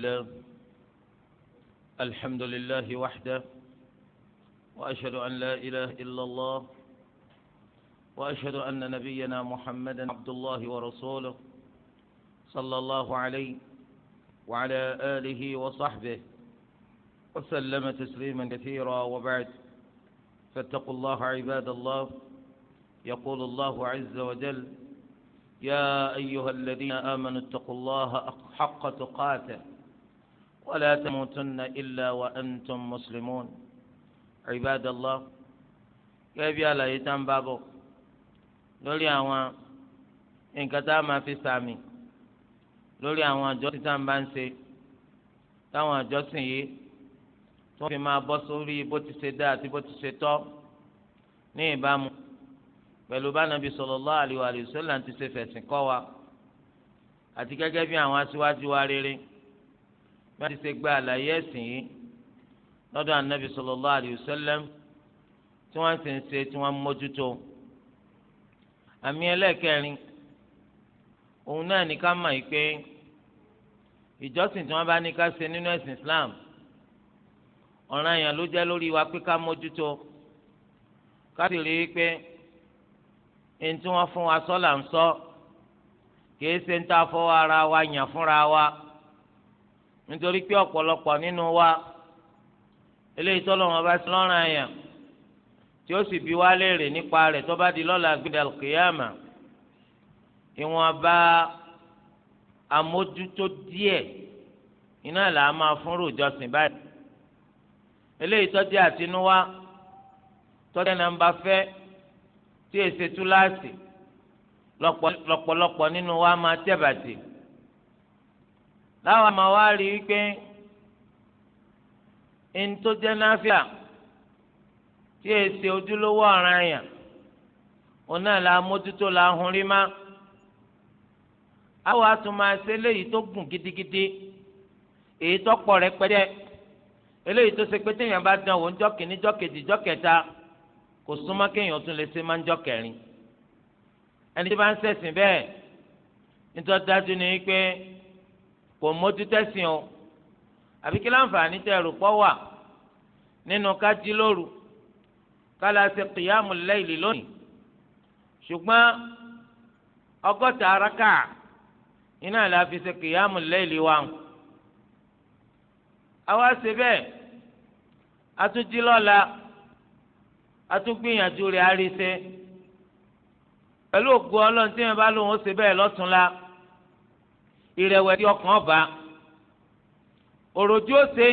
الله الحمد لله وحده وأشهد أن لا إله إلا الله وأشهد أن نبينا محمدا عبد الله ورسوله صلى الله عليه وعلى آله وصحبه وسلم تسليما كثيرا وبعد فاتقوا الله عباد الله يقول الله عز وجل يا أيها الذين آمنوا اتقوا الله حق تقاته ولا تموتن إلا وأنتم مسلمون عباد الله gẹ́gẹ́ àlàyé tá ń bá bọ̀ lórí àwọn nǹkan tá a máa fi sàmì lórí àwọn àjọsìn tá ń bá ń ṣe táwọn àjọsìn yìí tó fi máa bọ́ sórí bó ti ṣe dá àti bó ti ṣe tọ́ ní ìbámu pẹ̀lú bá nàbí sallallahu alaihi wa sallam ti ṣe fẹ̀sìn kọ́ wa àti gẹ́gẹ́ bí àwọn aṣíwájú wa rere má ti ṣe gba àlàyé ẹ̀sìn yìí lọ́dọ̀ anabi sallallahu alayhi sallam tí wọ́n sì ń ṣe tí wọ́n mójútó àmì ẹlẹ́ẹ̀kẹrin òun náà ní ká mọ̀ yìí pé ìjọsìn tí wọ́n bá ní ká ṣe nínú ẹ̀sìn Islam ọ̀ràn yẹn ló jẹ́ lórí wa pé ká mójútó ká sì rí i pé ẹni tí wọ́n fún wa sọ́ ń sọ kì í ṣe ń ta fọ́ ara wa yàn fúnra wa. So nítorí pé ọ̀pọ̀lọpọ̀ nínú wa eléyìí tọ́lọ́run bá sí lọ́rùn àyàn tí ó sì bi wá léèrè nípa rẹ̀ tó bá di lọ́la gbẹdẹ kìyàmà ìwọ̀nba àmójútó díẹ̀ iná là á máa fún ròjọ́sìn báyìí eléyìí tọ́jú àtinúwá tọ́jú nàmbà fẹ́ tí èsè túláàsì lọ́pọ̀lọpọ̀ nínú wa máa tẹ̀bàtì láwọn àmà wa rí i pé ẹni tó jẹ́ náfíà tí èsì ojúlówó ọ̀ràn yàn òun náà la mójútó la hun rí má àwọn àtúmọ̀ àṣẹ eléyìí tó gùn gidigidi èyí tó pọ̀ rẹpẹtẹ eléyìí tó ṣe pé téèyàn bá dán òun jọ́ kìíní jọ́ kejì jọ́ kẹta kò súnmọ́ kéèyàn tún lè ṣe máa ń jọ́ ẹni tí bá ń ṣẹ̀sìn bẹ́ẹ̀ nítorí dájú ni pé kò mójútẹ́sìn o àbí kí láǹfààní tẹ ẹrù pọ̀ wà nínú kájí lóru kálá ṣe kìyàmù láìlì lónìí ṣùgbọ́n ọgọ́ta araka iná la fi ṣe kìyàmù láìlì wa ń. àwa ṣe bẹ́ẹ̀ atúndínlọ́la atúngbìyànjú rẹ̀ àríṣe pẹ̀lú ògùn ọlọ́run tí wọ́n bá lóun ó ṣe bẹ́ẹ̀ lọ́túnla. ìrẹ̀wẹ̀sì ọkàn ọba òròjú ọ̀sẹ̀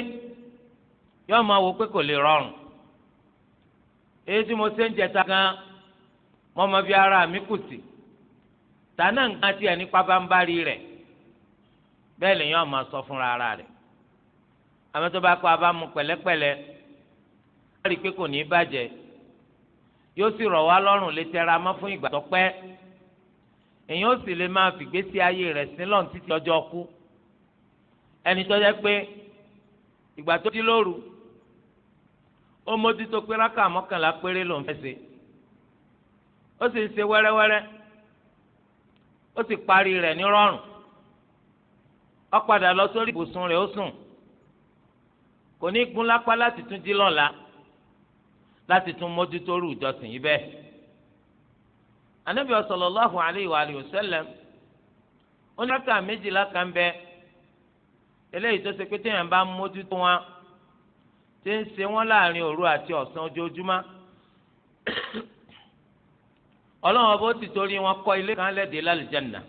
yọ máa wò pé kò lè rọrùn èyí tí mo ṣe ń jẹta gan ara mi kù sí tànà nǹkan nípa bá ń bá rí rẹ. bẹ́ẹ̀ yọ máa sọ fúnra ara rẹ̀ àmọ́ tó bá kọ́ i pé kò ní bàjẹ́ yóò sì rọ̀ wá lọ́rùn lè mọ́ fún èyàn ó sì lè máa fìgbésí ayé rẹ̀ sílọ̀ títí ọjọ́ kú ẹni tó jẹ́ pé ìgbà tó di lóru ó mójútó pé rákà mọ́kànlá péré ló ń fẹ́ ṣe ó sì ń ṣe wẹ́rẹ́wẹ́rẹ́ ó sì parí rẹ̀ ní rọ̀rùn ó padà lọ sórí ibùsùn rẹ̀ ó sùn kò ní gún lápá láti tún jí lọ́la láti tún mójútó rú ìjọsìn yìí bẹ́ẹ̀ anabi sallallahu alayhi wa alihi wa sallam ó ní rákà méjìlá kan bẹ eléyìí tó ṣe pé téèyàn bá mójútó wọn tí ń ṣe wọn láàrin òru àti ọ̀sán ojoojúmọ́ ọlọ́run ọba ó ti torí wọn kọ́ ilé kan lẹ́dẹ̀ẹ́ lálùjánnà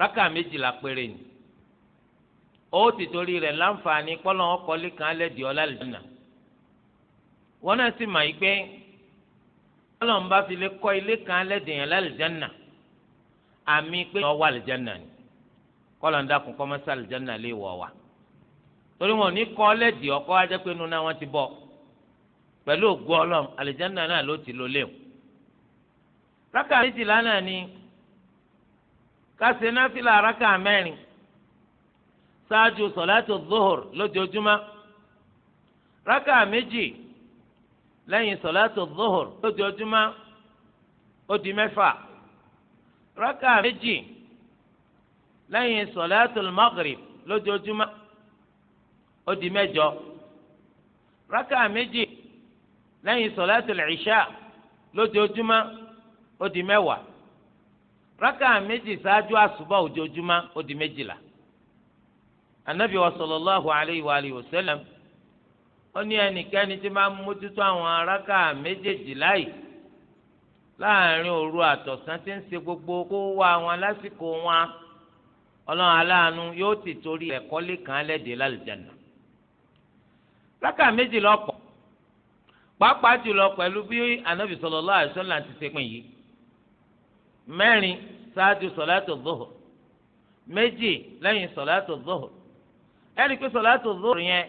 rákà méjìlá péré ni ó ti torí rẹ̀ láǹfààní pọ́lọ́wọ́n kọ́lé kan lẹ́dẹ̀ẹ́ lálùjánnà wọn náà sì mà yí pé ọlọ́run bá fi lè kọ́ ilé kan lẹ́dẹ̀yàn lálìjánà àmì pé wọ́n wà lìjánà ni kọ́lọ́n dákun kọ́mọ́sá lìjánà lè wọ̀ wá torí wọn ò ní kọ́ lẹ́dì ọkọ́ ajẹ́ pé nínú náà wọ́n ti bọ̀ pẹ̀lú ògùn ọlọ́run àlìjánà náà ló ti lọ léwu. rákà méjìlá náà ni kásẹ̀ náà fi là rákà mẹ́rin ṣáájú sọ̀láàtù zuhur lójoojúmọ́ rákà méjì lẹ́yìn sọ̀láàtò dọ́hùr lójoojúmọ́ ó di mẹ́fà rákà méjì lẹ́yìn sọ̀láàtò magrib lójoojúmọ́ ó di mẹ́jọ rákà méjì lẹ́yìn sọ̀láàtò ìṣá lójoojúmọ́ ó di mẹ́wàá rákà méjì ṣáájú àṣùbà ojoojúmọ́ ó di méjìlá anabi wa sallallahu alayhi wa alihi wa sallam ó ní ẹnikẹ́ni tí máa ń mójútó àwọn aráka méjèèjì láì láàrin òru àtọ̀sán tí ń ṣe gbogbo kó wá wọn lásìkò wọn ọlọ́run aláàánú yóò ti torí ẹ̀kọ́ lẹ́kàn lẹ́dẹ̀ lálùjáná. rákà méjì lọ́pọ̀ pàápàá jùlọ pẹ̀lú bí anabi sallallahu alaihi wasallam ti ṣe pín yìí mẹ́rin ṣáájú sọ̀látò zuhur méjì lẹ́yìn sọ̀látò zuhur ẹ̀rí pé sọ̀látò zuhur yẹn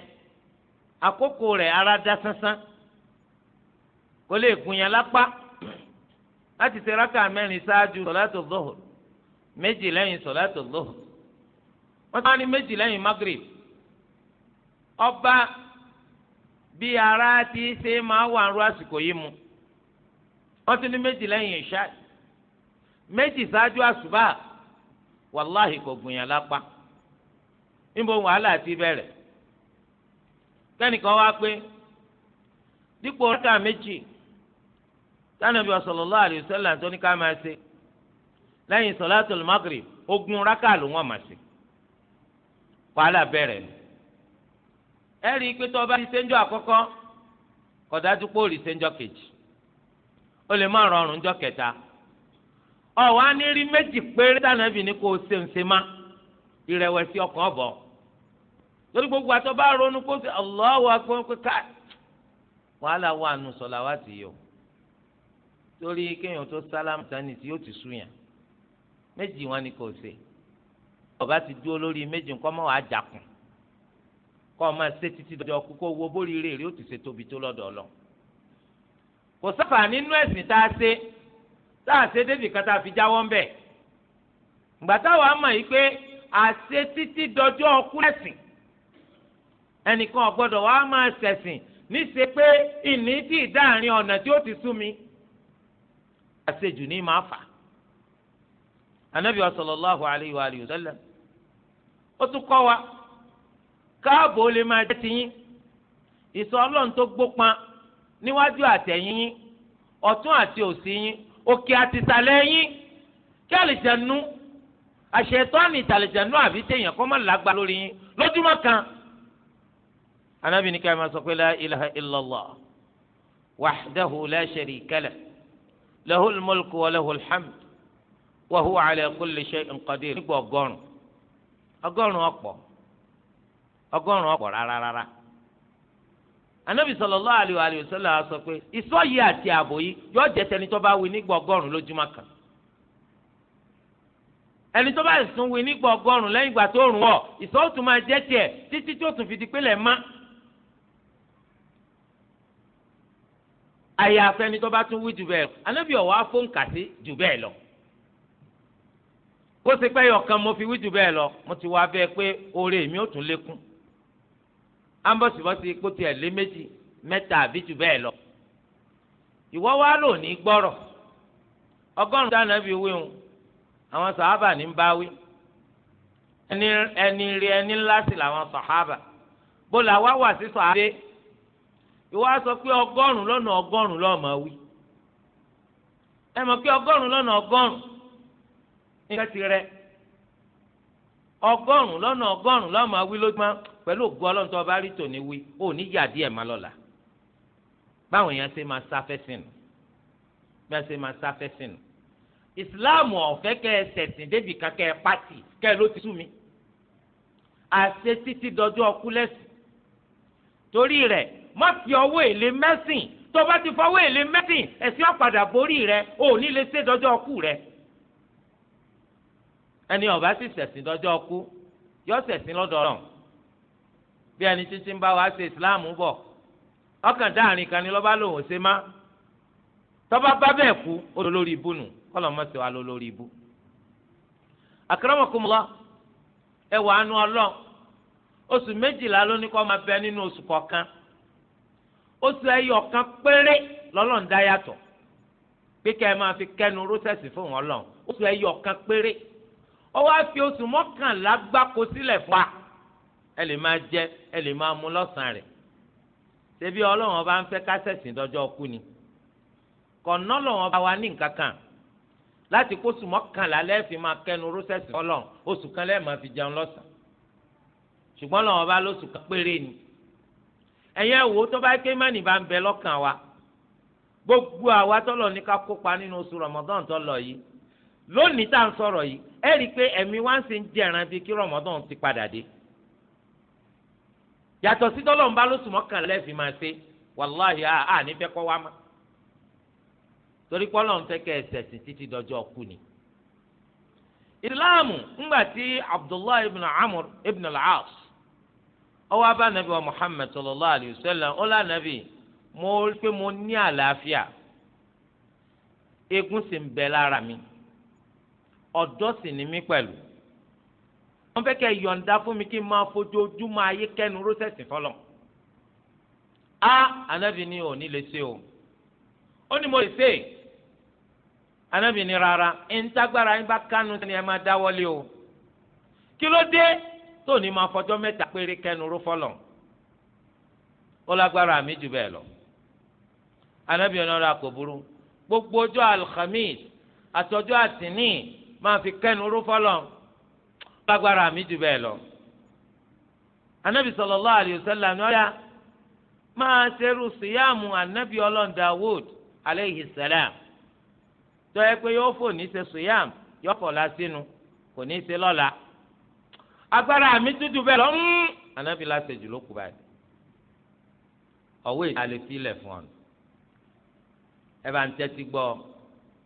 akoko rẹ ara dá sánsán kò lè gùnyàn lápá láti ṣe rákà mẹ́rin ṣáájú sọ̀látò dọ́hùr méjì lẹ́yìn sọ̀látò ní méjì bí ara ti ṣe máa wà ń ro àsìkò yìí mu wọ́n ti ní méjì lẹ́yìn ìṣá méjì ṣáájú àṣùbà wàláhì kò gùnyàn lápá níbo wàhálà ti kẹ́nìkan wá pé dípò rákà méjì tánàbí sallallahu alaihi wasallam tó ní ká máa ṣe lẹ́yìn sọ̀látùl maghrib ogún rákà ló wọ́n máa ṣe wàhálà bẹ̀rẹ̀ ẹ rí i pé tó o bá ti ṣèǹjọ́ àkọ́kọ́ kọ̀dájú pé rí kejì o lè má rọrùn ńjọ́ kẹta torí gbogbo àti ọba ronú kó sí Allahu akbar pé ká wàhálà wà nù sọlá wà ti yọ torí kéèyàn tó sálámù sani tí yóò ti súnyàn méjì wọn ni kò ṣe ọba ti dúró lórí méjì nǹkan mọ́ wàá jàkùn kọ́ ọ máa ṣe títí dọjọ́ kú kó wo bórí rèé rí ó ti ṣe tóbi tó lọ́dọ̀ ọlọ́run kò sáfà nínú ẹ̀sìn tá a ṣe tá a ṣe débì kan tá a fi jáwọ́ ń bẹ̀ gbàtà wàá mọ̀ yìí pé àṣe dọjọ́ ọkú lẹ́sìn ẹnìkan ọ̀gbọ́dọ̀ wàá máa ṣẹ̀sìn níṣe pé ìní tí ìdáàrin ọ̀nà tí ó ti sú mi àṣejù ní máa fà anabi sallallahu alayhi wa alihi wa sallam ó tún kọ́ wa káàbò lè máa jẹ́ tiyín ìsọ ọlọ́run tó gbópọn níwájú àtẹ̀yìn yín ọ̀tún àti òsì yín òkè àti ìsàlẹ̀ yín kí àlìjẹ̀nu àṣetọ́ni ìtàlìjẹ̀nu àbí téèyàn kọ́ mọ́ làgbà lórí yín lójúmọ́ kan anabi ní ká máa sọ pé la ilaha illallah wahdahu la sharika lah lahul mulku wa lahul hamd wa huwa ala kulli shay'in qadir nígbà ọgọ́rùn ọgọ́rùn ọ̀pọ̀ ọgọ́rùn ọ̀pọ̀ rárára anabi sallallahu alayhi wa alihi wa sọ pé ìsọ àti ààbò yìí yóò jẹ tẹni tó bá wí nígbà ọgọ́rùn lójúmọ́ kan ẹni tó bá sùn wí nígbà ọgọ́rùn lẹ́yìn ìgbà tó rùn wọ ìsọ máa jẹ tiẹ̀ títí tó tún fi di pé lẹ àyàfi ẹni tó bá tún wí jù bẹ́ẹ̀ anábì ọ̀wá fóńkàsí jù bẹ́ẹ̀ lọ kó sì pé ọ̀kan mo fi wí jù bẹ́ẹ̀ lọ mo ti wá bẹ́ẹ̀ pé oore mi ò tún lékún ambọ̀sibọ́sí kó tiẹ̀ lé méjì mẹ́ta àbí jù bẹ́ẹ̀ lọ ìwọ́ wa lò ní gbọ́rọ̀ ọgọ́rùn-ún dáná bíi wíwùn àwọn sàhábà ní ń ẹni rí ẹni ńlá sí làwọn sàhábà bó la wá wà sí sàhábà ìwọ á sọ pé ọgọ́rùn-ún lọ́nà ọgọ́rùn-ún lọ́ọ́ máa wí ẹ mọ̀ pé ọgọ́rùn-ún lọ́nà ọgọ́rùn-ún nǹkan ti rẹ ọgọ́rùn-ún lọ́nà ọgọ́rùn-ún lọ́ọ́ máa wí lójúmọ́ pẹ̀lú ògo ọlọ́run tó bá rí tòní wí ó ní yà díẹ̀ má lọ́la báwọn èèyàn ṣe máa sáfẹ́ sínú bí wọ́n ṣe máa sáfẹ́ sínú ìsìláàmù ọ̀fẹ́ kẹ́ ẹ sẹ̀sìn débi kakẹ́ ẹ pàtì kẹ́ ẹ ló ti sú mi àṣẹ títí dọjọ́ ọkú lẹ́sìn torí rẹ̀ má fi ọwọ́ èlé mẹ́sìn tó bá ti fọwọ́ èlé mẹ́sìn ẹ̀sìn ọ̀padà borí rẹ o ní lè ṣe dọ́jọ́ ọkú rẹ. ẹni ọba sì ṣẹ̀sìn dọ́jọ́ ọkú yọ ṣẹ̀sìn lọ́dọ̀ ọ̀ràn bí ẹni títí ń bá wa ṣe ìsìláàmù bọ̀ ọkàn dáàrin kan ni lọ́ba lòun ṣe má tọ́ba bá bẹ́ẹ̀ kú ó lọ lórí ibú nù mọ́ sí wa lọ lórí ibú. àkàràmọ̀kùnmọ́ oṣù méjìlá ló ní máa bẹ nínú oṣù oṣù ẹyọ kan péré lọ́lọ́run dá yàtọ̀ pé kẹ́ ẹ máa fi kẹ́nu rọ́sẹ̀sì fún wọn lọ oṣù ẹyọ kan péré ó wá fi oṣù mọ́kànlá gbáko sílẹ̀ fún wa ẹ lè máa jẹ ẹ lè máa mu lọ́sàn-án rẹ̀ ṣebí ọlọ́run ọba ń fẹ́ kásẹ̀sìn dọ́jọ́ kú ni kọ̀nà ọlọ́run ọba wa ní nǹkan kan láti kó oṣù mọ́kànlá lẹ́ẹ̀fì máa kẹ́nu rọ́sẹ̀sì fọlọ́run oṣù kan lẹ́ẹ̀ máa fi jẹun lọ́sàn ṣùgbọ́n ọlọ́run ọba lóṣù kan péré ni ẹ̀yẹ wò tó bá ké mánì bá ń bẹ lọ́kàn wa gbogbo àwa tọ́lọ̀ ní ká kópa nínú oṣù rọmọdán yi yìí lónìí tá à ń sọ̀rọ̀ yìí ẹ rí i pé ẹ̀mí wá ń ṣe jẹ̀ràn kí ti padà dé yàtọ̀ sí tọ́lọ̀ ń bá lóṣù mọ́kànlá lẹ́ẹ̀fì ni. ìsìláàmù ńgbà tí Abdullahi ibn Amr ibn al ọwọ́ abá nàbí wa Muhammad sallallahu alayhi wa sallam ó lá nàbí mo rí pé mo ní àlàáfíà eegun sì ń bẹ lára mi ọ̀dọ́ sì ni mí pẹ̀lú wọ́n fẹ́ kẹ́ yọ̀ǹda fún mi kí n máa fojoojúmọ́ ayé kẹ́nu rósẹ̀sì fọlọ́ a anabi ni ò ní lè ṣe o ó ní mo lè ṣe anabi ni rárá ń tágbára yín bá kánú ni ẹ máa dáwọ́lé o kí ló dé tó ní máa fọjọ́ mẹ́ta péré kẹnu ró fọlọ́ ó lágbára mi jù bẹ́ẹ̀ lọ anabi ọ̀nàrà kò burú gbogbo ọjọ́ alhamis àtọjọ́ àtìní máa fi kẹnu ró fọlọ́ ó lágbára mi jù bẹ́ẹ̀ lọ anabi sallallahu alayhi wa sallam ní ọ̀yà máa ṣerú síyáàmù anabi ọlọ́run Dawud aleyhi salam tó yẹ pé yóò fò ní ṣe síyáàmù yóò fọ̀ lásìnú kò ní ṣe lọ́la agbára mi tútù bẹ́ẹ̀ lọ ń mm. anabi la ṣèjú ló kù báyìí ọ̀wé àlefilẹ̀ fún ọ ẹ bá ń tẹ́tí gbọ́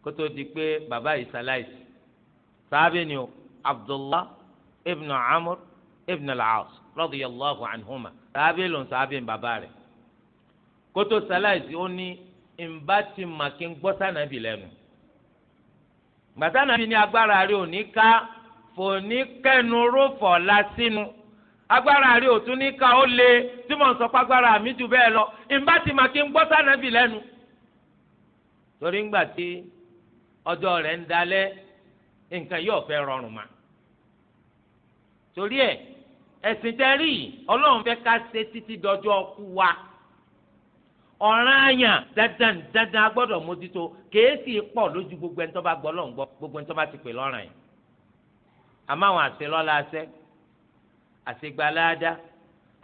kótó di pé bàbá yìí ṣaláìsì sáábì ni o abdullah ibn amr ibn al-aas radiyallahu anhuma sáábì ló ń sáábì ń bàbá rẹ̀ kótó ṣaláìsì ó ní ìmbá ti mà kí gbọ́ sànàbì lẹ́nu gbàtànàbì ní agbára rẹ̀ ò ní ká. kò ní kẹnu rófò lásìnú agbára rí òtún ní ká ó lé tí mò ń sọ pàgbára mi jù bẹ́ẹ̀ lọ ìbá ti mà kí n gbọ́ sànàbì lẹ́nu. torí ńgbà tí ọjọ́ rẹ̀ ń dalẹ̀ nǹkan yóò fẹ́ rọrùn ma. torí ẹ ẹ̀sìn tẹ rí ọlọ́run fẹ́ ká ṣe títí dọjọ́ kú wa. ọ̀ràn àyàn dandan dandan agbọ́dọ̀ mójútó sì pọ̀ lójú gbogbo ẹni tó bá gbọ́ lọ́n gbọ́ gbogbo ẹni tó bá ti pè lọ́ràn yìí àmọ́ àwọn àṣelọ́lá aṣẹ́ àṣegbaláadá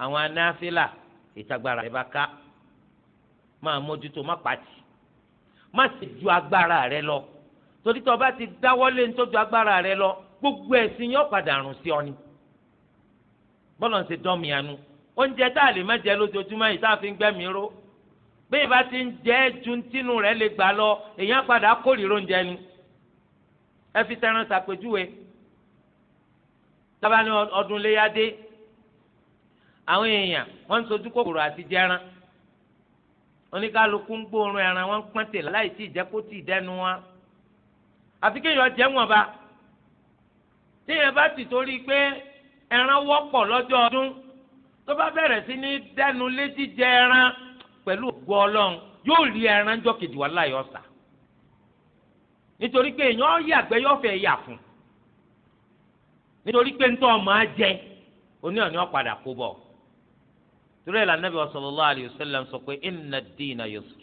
àwọn anáfílà ìtagbára rẹ bá ká máa mójútó má pàtì má sì ju agbára rẹ lọ torí tó o bá ti dáwọ́lé ní tó ju agbára rẹ lọ gbogbo ẹ̀sìn yóò padà rùn sí ọ ni bọ́lọ̀ ń ṣe dánmìyanu oúnjẹ tá a lè má jẹ lójoojúmọ́ yìí tá a fi ń gbẹ́mìí ró bẹ́ẹ̀ bá ti ń jẹ́ ju rẹ̀ lè gbà lọ èèyàn padà kórìíra oúnjẹ ni ẹ fi tẹran ṣàpèjúwe sábà ní ọdún léyà àwọn èèyàn wọn ń sojú kòkòrò àti jẹran oníkálukú ń gbóòórùn ẹran wọn ń pẹ́ntè láì tí ìjẹ́kótì dẹnu wa àfi kéèyàn jẹ́ wọn ba téèyàn bá ti torí pé ẹran wọ́pọ̀ lọ́jọ́ ọdún tó bá bẹ̀rẹ̀ sí ní dẹnu lé jíjẹ ẹran pẹ̀lú ògbó ọlọ́run yóò rí ẹran jọ kejì nítorí pé ntọ́ ọmọ á jẹ oní ọ̀ní ọ̀padà kó bọ̀ torí ẹ̀ lànà bí wọ́n sallallahu alayhi wa sallam sọ pé inna ad-dina yusr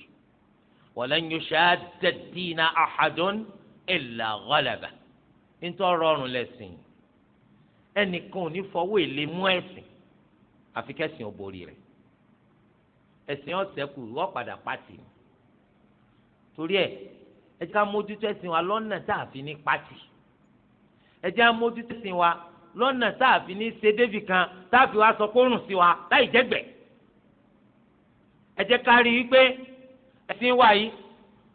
wa lan yushadda ad-dina ahadun illa ghalaba ntọ́ rọrùn lẹ́sìn ẹnìkan ò ní fọwọ́ èlé mú ẹ̀sìn àfi kẹ́sìn ò borí rẹ̀ ẹ̀sìn ọ̀sẹ̀kù wọ́n padà pàtì torí ẹ̀ ẹ mójútó ẹ̀sìn wa lọ́nà tá a fi ní pàtì ẹ jẹ́ amójútó sí wa lọ́nà táàfin ní ṣe débì kan táàfin wa sọ kórùn sí wa láì jẹ́gbẹ́ ẹ jẹ́ ká rí i pé ẹ̀sìn wa yìí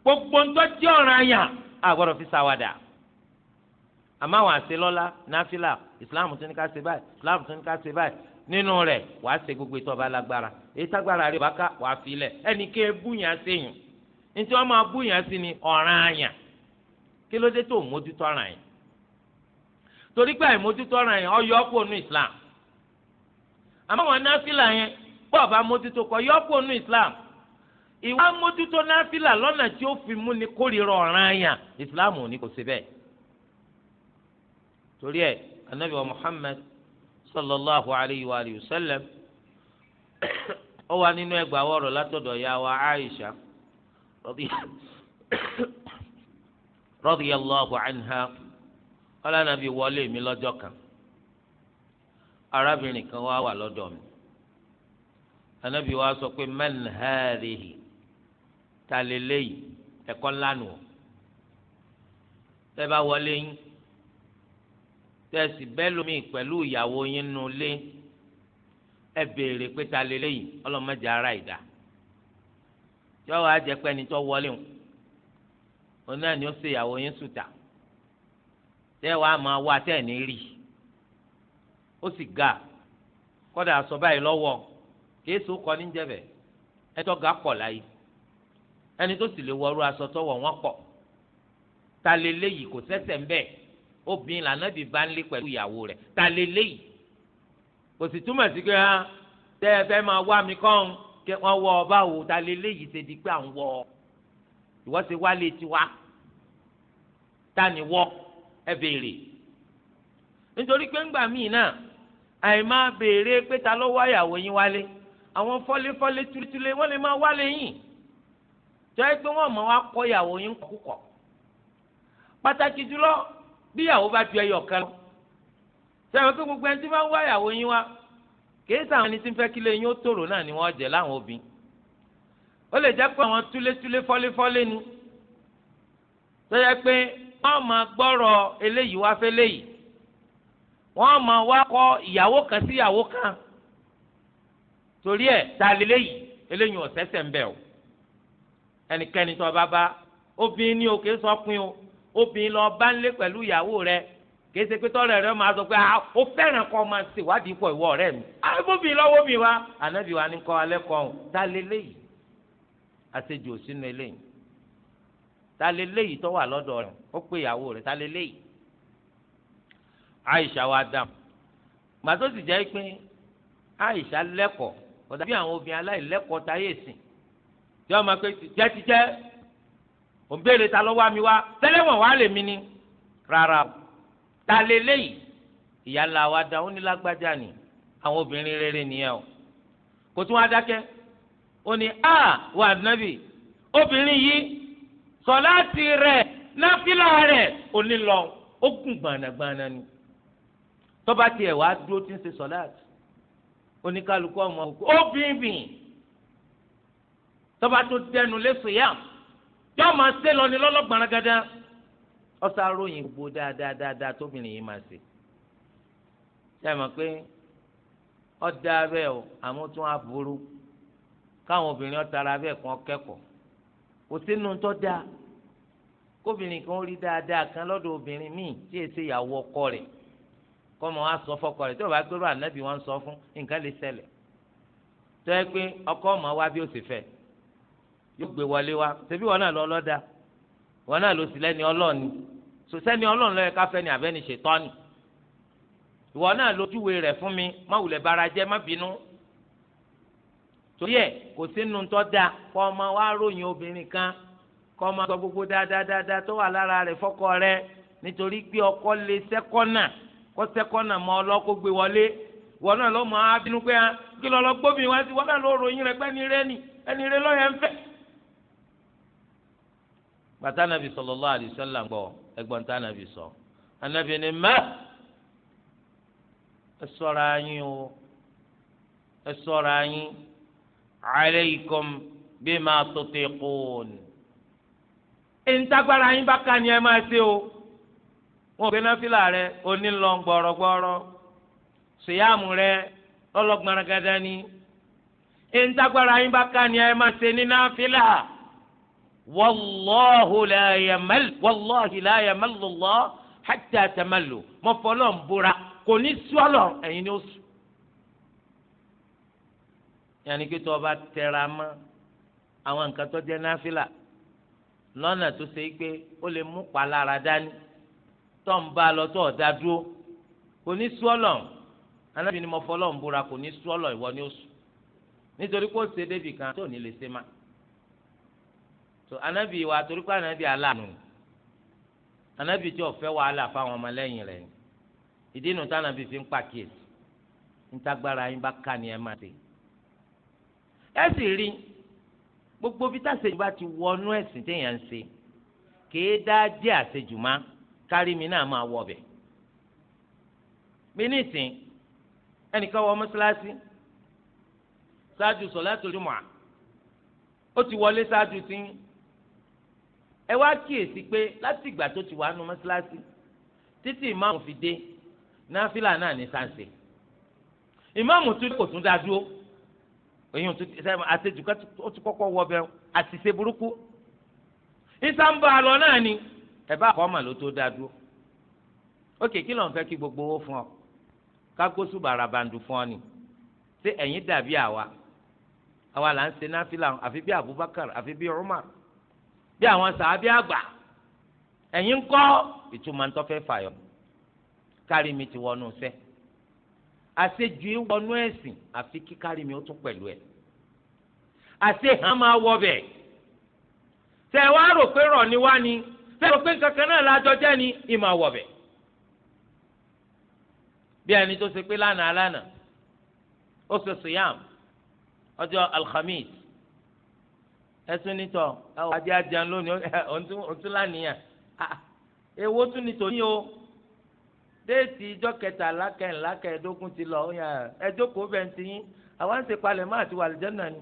gbogbo ń tọ́jú ọ̀ràn àyàn àgbọ̀dọ̀ fi ṣàwàdà àmọ́ àwọn àṣelọ́lá náfìlà ìsìláàmù tún ní ká ṣe báyìí ìsìláàmù tún ní ká ṣe báyìí nínú rẹ̀ wàá ṣe gbogbo ìtọ́ ọba lágbára èyí tágbára rẹ̀ bá ká wàá fi lẹ̀ ẹnì ké búyàn séyìn ní tí máa búyàn sí ni ọ̀ràn àyàn kí ló dé tó mójútó ọ̀ràn yẹn torí pé àìmójútó ọ̀ràn yẹn ọyọ kó nu islam àmọ́ àwọn náfìlà yẹn bọ́ọ̀ bá mójútó kọ yọ kó nu islam ìwà mójútó náfìlà lọ́nà tí ó fi mú ni kórìíra ọ̀ràn yẹn islam ò ní kò sí bẹ́ẹ̀ torí ẹ anabi wa muhammad sallallahu alayhi wa sallam ó wà nínú ẹgbàá wọ̀rọ̀ ya wa aisha anha. ọlànàbí wọlé mi lọjọ kan arábìnrin kan wá wà lọ́dọ̀ mi anabi wa sọ pé man hadihi ta lelee ẹ̀kọ́ ńlá nù bá wọlé yín tẹsí bẹ́ẹ̀ lómi ìyàwó yín ta ara ìdá yọ̀wọ́ àjẹpẹ́ ni tó wọlé wọn náà ni ó tẹ́ wàá máa wá tẹ́ ní rí ó sì ga kọ́dà sọ báyìí lọ́wọ́ kéésù kọ́ ní jẹ́bẹ̀ ẹtọ́ ga pọ̀ láyé ẹni tó sì lè wọrú aṣọ tọwọ́ wọn pọ̀ ta lè léyìí kò sẹ́sẹ̀ ń bẹ̀ obìnrin lànàbì bá ń lé pẹ̀lú ìyàwó rẹ̀ ta lè léyìí kò sì túmọ̀ sí pé hàn tẹ́ ẹ fẹ́ máa wá mi kàn kí wọ́n wọ ọ báwo ta lè léyìí ṣe di pé à ń wọ ọ ìwọ́n tiwa ta ni wọ́ ẹ béèrè nítorí pé ńgbà míì náà àìmá béèrè pé ta ló wáyàwó yín wálé àwọn fọ́léfọ́lé túlétúlé wọ́n lè máa wálé yìí tó yẹ pé wọ́n mọ̀ wá kọ́ ìyàwó yín kúkọ̀ pàtàkì jùlọ bí ìyàwó bá ju ẹyọ kan lọ sẹ́wọ̀n pé gbogbo ẹni tí wọ́n wá ìyàwó yín wá kìí sàwọn ẹni tí ń fẹ́ kí lè yín ó tòrò náà ni wọ́n jẹ́ láwọn obìnrin ó lè jẹ́ pé àwọn túlétúlé fọ́léfọ́lé ni tó pé wọ́n máa gbọ́rọ̀ eléyìí wá fẹ́lẹ́ yìí wọ́n máa wá kọ́ ìyàwó kan sí ìyàwó kan torí ẹ̀ ta lélẹ́yìí eléyìí ọ̀sẹ̀sẹ̀ ń bẹ̀ o ẹnikẹ́ni tó bá bá obìnrin ní o kì í sọkùn o obìnrin lọ bá ń lé pẹ̀lú ìyàwó rẹ̀ kì pé tọ́lẹ̀ rẹ máa sọ pé a ah, ó fẹ́ràn kọ́ máa ṣe pọ̀ ìwọ ọ̀rẹ́ mi àbóbìnrin ah, lọ́wọ́ mi wá ànábì ní kọ́ alẹ́ kọ́ ọ̀hún ta lélẹ́yìí àṣejù òsínú eléyìí ta lè léyìí tó wà lọ́dọ̀ rẹ̀ ó pé ìyàwó rẹ̀ ta lè léyìí. Aisha wa dam gbàtó sì jẹ́ pé Aisha lẹ́kọ̀ọ́ kódà bí àwọn obìnrin aláìlẹ́kọ̀ọ́ ta yé sìn tí wọ́n máa pé jẹ́ ti jẹ́ òun béèrè ta lọ́wọ́ mi wá tẹ́lẹ̀wọ̀n wá lè mi ni rárá ta lè léyìí ìyá wa dam ó ní lágbájá ni àwọn obìnrin rere nìyẹn o kò tún wá dákẹ́ ó ní a wà nábì obìnrin yìí sọláàtì rẹ̀ náfìlà rẹ̀ onílọ ó kún gbanagbana ni tọ́ba tiẹ̀ wá dúró tí ń ṣe sọláàtì oníkálukú ọmọ òkú ó bìnbìn tọ́ba tó dẹnu lẹ́sùn yá yóò máa ṣe lọ ní lọ́lọ́gbọ̀nrẹ́gẹ́dẹ́ ọ̀sán aróyìn gbogbo dáadáa dáadáa tóbìnrin yìí máa ṣe ṣe mọ̀ pé ọ̀dà abẹ́ ọ̀ àmọ́ tún á káwọn obìnrin ọ̀tara abẹ́ kan kẹ́kọ̀ọ́ kò sínú tó dáa kóbìnrin kan rí dáadáa kan lọ́dọ̀ obìnrin míì tí èsè ìyàwó ọkọ rẹ̀ kọ́mọ wa sọ fọkọ rẹ̀ tí o bá gbérò ànábì wọn sọ fún nǹkan lè ṣẹlẹ̀ tó yẹ pé ọkọ ọmọ wa bí ó sì fẹ́ yóò gbé wọlé wa ṣebí wọn náà lọ ọlọ́dà wọn náà lọ sí lẹ́ni ọlọ́ọ̀ni sòsẹ́ni ọlọ́ọ̀ni lọ́yẹ káfẹ́ ni àbẹ́ni ṣètọ́ni ìwọ náà lójúwe rẹ̀ fún mi má bara jẹ́ má bínú torí ẹ kò sínú tó da kọ́ ọmọ wa ròyìn obìnrin kan kọ́ ọmọ sọ gbogbo dáadáa tó wà lára rẹ̀ fọ́kọ nítorí pé ọkọ lè sẹ́kọ́nà kó sẹ́kọ́nà mọ́ ọlọ́kó gbé wọlé wọn náà lọ́mọ abínú pé ah, kí lọ́ọ́ gbómi wá sí wọn náà lọ́ọ́ ròyìn rẹ̀ pẹ́ni ni ẹni rẹ́ ya yẹn fẹ́. bàtà nàbì sallallahu alaihi nàbì o ẹ alaykum bima tutiqun. ìntagbára yín bá ka ni ẹ máa ṣe o wọn ò gbé náfìlà rẹ onílọ gbọrọgbọrọ ṣèyàmù rẹ lọlọgbọnrangada ni ìntagbára yín bá ka ni ẹ máa ṣe ní náfìlà wàlláhu làyàmẹl wàlláhi làyàmẹlùlọ hàtà tàmẹlù mọfọlọ ń búra kò ní sọlọ ẹyin ni ó sọ yàní kí tó o bá tẹra mọ́ àwọn nǹkan tó jẹ́ náfìlà lọ́nà tó ṣe pé ó lè mú palára dání tó ń bá a lọ tó ọ̀dà dúró kò ní sọ́ọ̀lọ̀ anábì ni mo fọlọ́ ń búra kò ní sọ́ọ̀lọ̀ ìwọ ni ó sùn nítorí pé ó ṣe débi kan tó ní lè ṣe má tó anábì wa torí pé anábì aláàánú anábì tí ó fẹ́ wàhálà fáwọn ọmọlẹ́yìn rẹ̀ ìdí inú tánàbì fi ń pàkíyèsí ń tágbára yín bá ká ni ẹ máa ṣe ẹ sì rí gbogbo bí tàṣejù bá ti wọnú ẹ̀sìn téèyàn ń ṣe kèé dá dé àṣejù má kárí mi náà máa wọ bẹ̀. mi nísìn ẹnìkan wọ mọ́ṣáláṣí ṣáájú sọ̀látù jùmọ̀à ó ti wọlé ṣáájú tí ẹ wá kíyèsí pé láti ìgbà tó ti wà nù mọ́ṣáláṣí títí ìmáàmù fi dé náfìlà náà ní sáǹsì ìmáàmù tún kò tún dá dúró èyí àtẹjù ká ó ti kọ́kọ́ wọ bẹ́ẹ̀ àṣìṣe burúkú ìsàmbà àlọ́ náà ni ẹ bá kọ́ mà ló tó dáa dúró ókè kí ló ń fẹ́ kí gbogbo owó fún ọ kágbósù bàràbàǹdù fún ọ ni ṣé ẹ̀yin dàbí àwa àwa là ń ṣe náfìlà àfi bí Abubakar àfi bí Umar bí àwọn sàábí àgbà ẹ̀yin ń kọ́ ìtumọ̀ ń tọ́ fẹ́ fàyọ kárí mi ti wọnú sẹ́ẹ̀ àṣejù ìwọnú ẹ̀sìn àfi kíkárí mi ó tún pẹ̀lú ẹ̀ àṣehàn máa wọ bẹ̀ tẹ̀ wá rò pé rọ̀ ni wá ni tẹ̀ rò pé kankan náà lájọ jẹ́ ni ìmọ̀ wọ̀ bẹ̀ bí ẹni tó ṣe pé lánàá lánàá ó ṣe siyam ọjọ́ alhamis ẹtún nítọ àwọn adé ajá lónìí ọ̀ntún lánìyàn ah, èwo tún nítòní o déètì ìjọ kẹtàlá kẹńlá kẹẹ̀ẹ́dógún ti lọ ẹ jókòó bẹ́ẹ̀ ń tiyín àwọn ń ṣèpalẹ̀ máa ti wà àlùjánnà ni.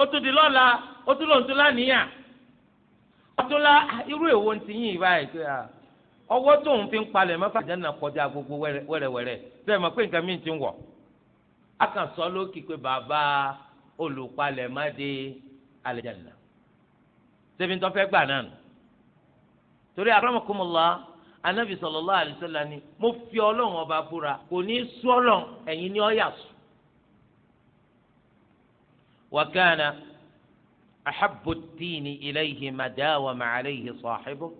ó tún di lọ́la ó tún lòun tún láníyàn ó tún irú èwo ń tiyín ìbá fi ń palẹ̀ mọ́ gbogbo wẹ́rẹ́wẹ́rẹ́ bẹ́ẹ̀ mọ̀ pé nǹkan wọ̀. a kàn sọ lókì pé bàbá olùpalẹ̀ má dé n náà anabi sallallahu alaihi wasallam ni mo fi Ọlọ́run ọba búra kò ní sú Ọlọ́run ni ọ yà sùn.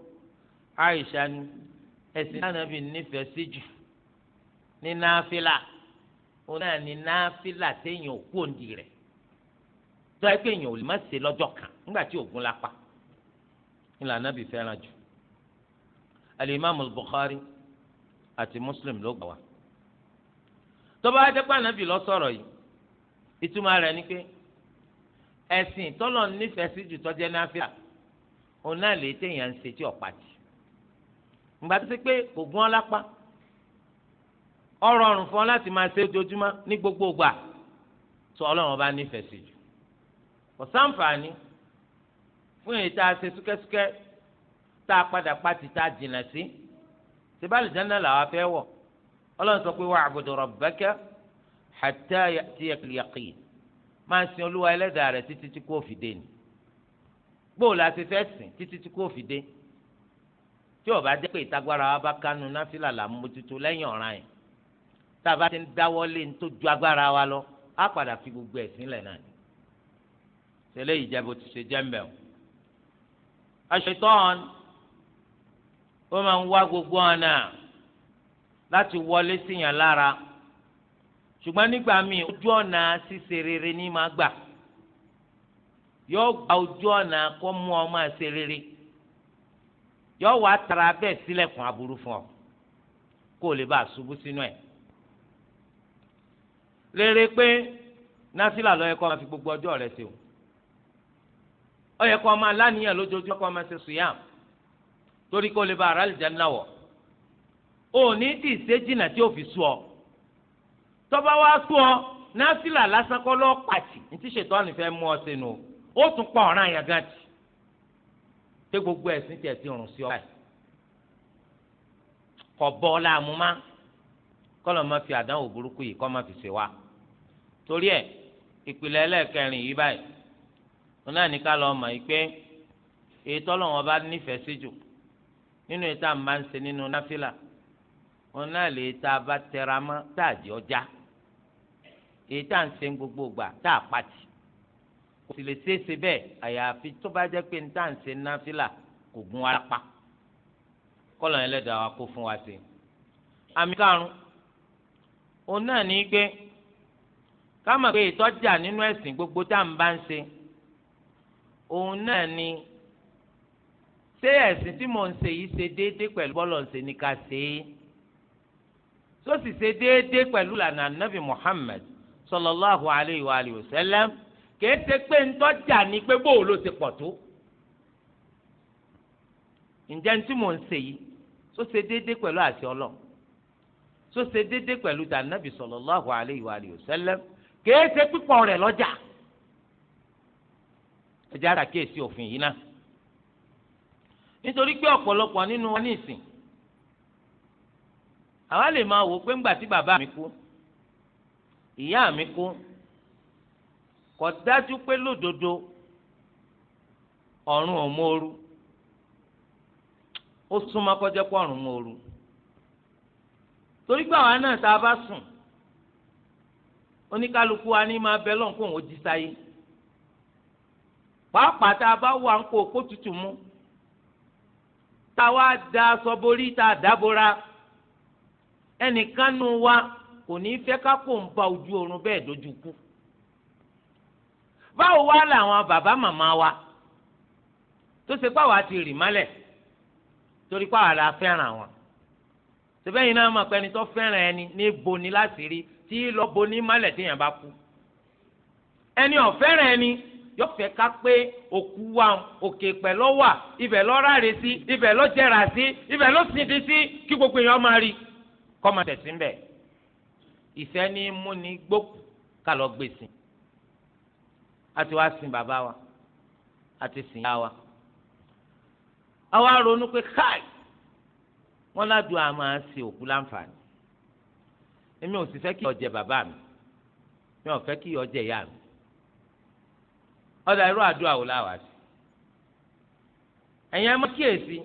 Aisha ni ẹ̀sìn anabi nífẹ̀ẹ́ sí jù ní náfìlà òun náà ní náfìlà téèyàn ò kú òǹdí rẹ̀ tó alimami bukhari àti muslim ló gbà wá tó bá jẹ́ pé ànábì ló sọ̀rọ̀ yìí ìtumọ̀ rẹ̀ ni pé ẹ̀sìn tọ́lọ̀ nífẹ̀ẹ́ sí jù tọ́jẹ́ náfíà òun náà lè téèyàn ń ṣe tí ọ̀pá tì ìgbà tó ṣe pé kò gún ọ lápá ọ rọrùn fún ọ láti máa ṣe ojoojúmọ́ ní gbogbo ìgbà tó ọlọ́run bá nífẹ̀ẹ́ sí jù kò sáǹfààní fún èyí tá a ṣe súkẹ́súkẹ́ tá a padà pati tá a jìnnà sí sibali janna la wa fẹ́ wọ̀ Ọlọ́run sọ pé wa'budu rabbaka hatta ya'tiyakal yaqin máa sin Olúwa Ẹlẹ́dàá rẹ títí tí kò fi dé ni gbóòlù àti fẹ́ sìn títí tí kò fi dé tí ó bá jẹ́ pé ìtagbára wa bá kánú náfìlà là ń mójútó lẹ́yìn ọ̀ràn yẹn tá a bá ti ń dáwọ́lé ń tó ju agbára wa lọ á padà fi gbogbo ẹ̀ sílẹ̀ náà ni tẹ́lẹ̀ ìjẹ́bù ti ṣe jẹ́ mbẹ́ o. aṣetán ó máa ń wá gbogbo ọ̀nà láti wọlé síyàn lára ṣùgbọ́n nígbà míì ojú ọ̀nà ṣíṣe rere ní máa gbà yóò gba ojú ọ̀nà kó mú ọ máa ṣe rere yóò wá tara bẹ́ẹ̀ sílẹ̀kùn aburú fún ọ kó o lè bá a ṣubú sínú ẹ̀ rere pé násìlà ló yẹ máa fi gbogbo ọjọ́ rẹ̀ ṣe o máa lójoojúmọ́ máa ṣe torí kó lè ba ara lè jẹun náwọ o ní tí ì ṣe jìnnà tí o fi sú ọ tọba wa sú ọ náfìlà lásán kọ lọ pàtì ní tí ṣètò ànífẹ mú ọ sínú ó tún pa ọ̀ràn àyàn gan jì ṣé gbogbo ẹ̀sìn tiẹ̀ ti rùn sí ọ báyìí kọ bọ láàmú má kọlọ má fi àdánwò burúkú yìí kọ má fi ṣe wa torí ẹ ìpìlẹ̀ ẹlẹ́ẹ̀kẹrin yìí báyìí wọn náà ní ká lọ mọ̀ yìí pé èyí tọ́lọ́wọ́n bá nífẹ̀ẹ́ sí jù nínú ìta máa ń ṣe nínú náfìlà wọn náà lè ta bá tẹra mọ́ tá àdì ọjà èyí tá à ń ṣe gbogbo ìgbà tá a pàtì kò sì lè ṣeé ṣe bẹ́ẹ̀ àyàfi tó bá jẹ́ pé tá à ń ṣe náfìlà kò gún wa pa kọ́lọ̀ yẹn lẹ́dàá wa kó fún wa sí i. àmì karùn-ún òun náà ní pé ká mọ̀ pé ìtọ́jà nínú ẹ̀sìn gbogbo tá à ń bá ń ṣe òun náà ní. ṣé ẹ̀sìn tí mò ń ṣe yìí ṣe déédéé pẹ̀lú bọ́lọ̀ ṣe ká ṣe é tó sì ṣe déédéé sallallahu alayhi wa alihi wa sallam kìí ṣe pé ńtọ́jà ni pé bóò ló ti pọ̀ tó ǹjẹ́ ní tí mò ń ṣe yìí tó ṣe déédéé pẹ̀lú àṣẹ ọlọ́ tó ṣe déédéé pẹ̀lú alayhi wa wa kìí ṣe pípọ̀ nítorí pé ọ̀pọ̀lọpọ̀ nínú wa ní ìsìn àwa lè máa wò pé ńgbà tí bàbá mi kú ìyá mi kú kò dájú pé lódodo ọ̀run ò móoru ó súnmọ́ kọjá pé ọ̀run móoru torí pé àwa náà tá a bá sùn oníkálukú wa ní máa bẹ lọ́nkùn òun jí sáyé pàápàá tá a bá wà ń kó kó tutù mú táwa da aṣọ borí tá a dábora ẹnìkan nu wa kò ní fẹ́ ká kó ń ba ojú oorun bẹ́ẹ̀ dojú kú báwo wá làwọn bàbá màmá wa tó ṣe pàwọ́ àti rì málẹ̀ torí pàwọ́ la fẹ́ràn wọn sẹ́fẹ̀yìn náà mọ̀ pé ẹni tó fẹ́ràn ẹni ní boni láti rí tí lọ́ọ́ boni málẹ̀ téèyàn bá kú ẹni ò ẹni yóò fẹ́ ká pé òkú wa òkè pẹ̀ lọ́wà ibẹ̀ lọ́ráre sí ibẹ̀ lọ́jẹ̀rà sí ibẹ̀ lọ́sìndí sí kí gbogbo èèyàn máa rí kọ́ máa tẹ̀sí ń bẹ̀. ìfẹ́ ní múni gbókù ká lọ gbé sìn a ti wá sin bàbá wa a ti sin ìyá wa a wá ronú pé káì wọ́n ládùn àmọ́ àṣẹ òkú láǹfààní èmi ò sì fẹ́ kí ọjẹ bàbá mi mi ò fẹ́ kí ọjẹ ìyá mi ọ̀dà irú àdúrà wò láwà sí. ẹ̀yin ẹ mọ́ kíyèsí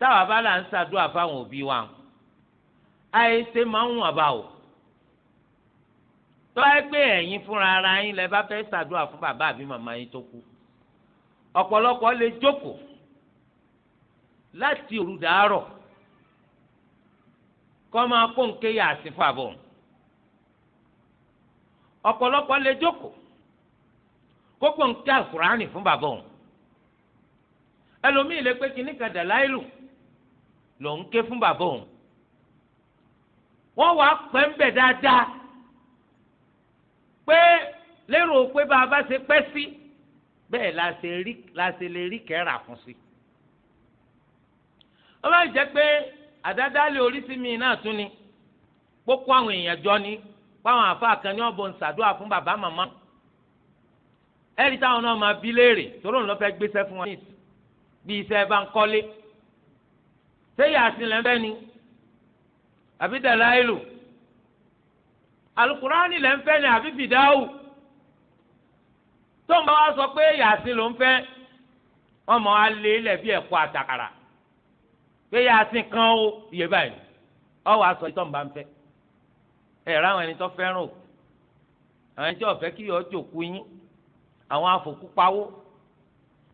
táwa bá là ń ṣàdúrà fáwọn òbí wa àìsè máa ń wọ̀n bá o tọ́ ẹ pé ẹ̀yin fúnra ara yín lẹ bá fẹ́ ṣàdúrà fún bàbá àbí màmá yín tó kú ọ̀pọ̀lọpọ̀ lè jókòó láti òru kọ́ máa kó nkéyà sí fún àbọ̀ ọ̀pọ̀lọpọ̀ lè jókòó kókó ń ké alukurani fún bàbá òun ẹlòmíì lè pé kíní kan dàláìlù ló ń ké fún bàbá òun wọ́n wàá pẹ́ ń bẹ̀ dáadáa pé lérò pé bàbá ṣe pẹ́ sí bẹ́ẹ̀ la ṣe lè rí kẹ́ra fún sí wọ́n bá jẹ́ pé àdádálẹ̀ oríṣi mi náà tún ni kókó àwọn èèyàn jọ ni báwọn àfa kan ọ̀bọ̀n ṣàdúrà fún bàbá màmá ẹ̀rí táwọn náà máa bí léèrè tóró ń lọ fẹ́ gbéṣẹ́ fún wa ní ìsìn bí iṣẹ́ bá ń kọ́lé ṣé yàtí lẹ́ fẹ́ ni àbí dàláìlù alukurani lẹ́ ń fẹ́ ni àbí fìdáwù tó ń bá wa sọ pé yàtí ló ń fẹ́ wọ́n mọ̀ á lé ilẹ̀ bí ẹ̀kọ́ àtàkàrà pé yàtí kan ó yẹ báyìí ọ wàá sọ ìtọ́ ń ń fẹ́ ẹ̀ ráwọn ẹni tó fẹ́ràn o àwọn ẹni tí ọ̀fẹ́ kí yọ ọ́ jòkó yín àwọn afọkúpawó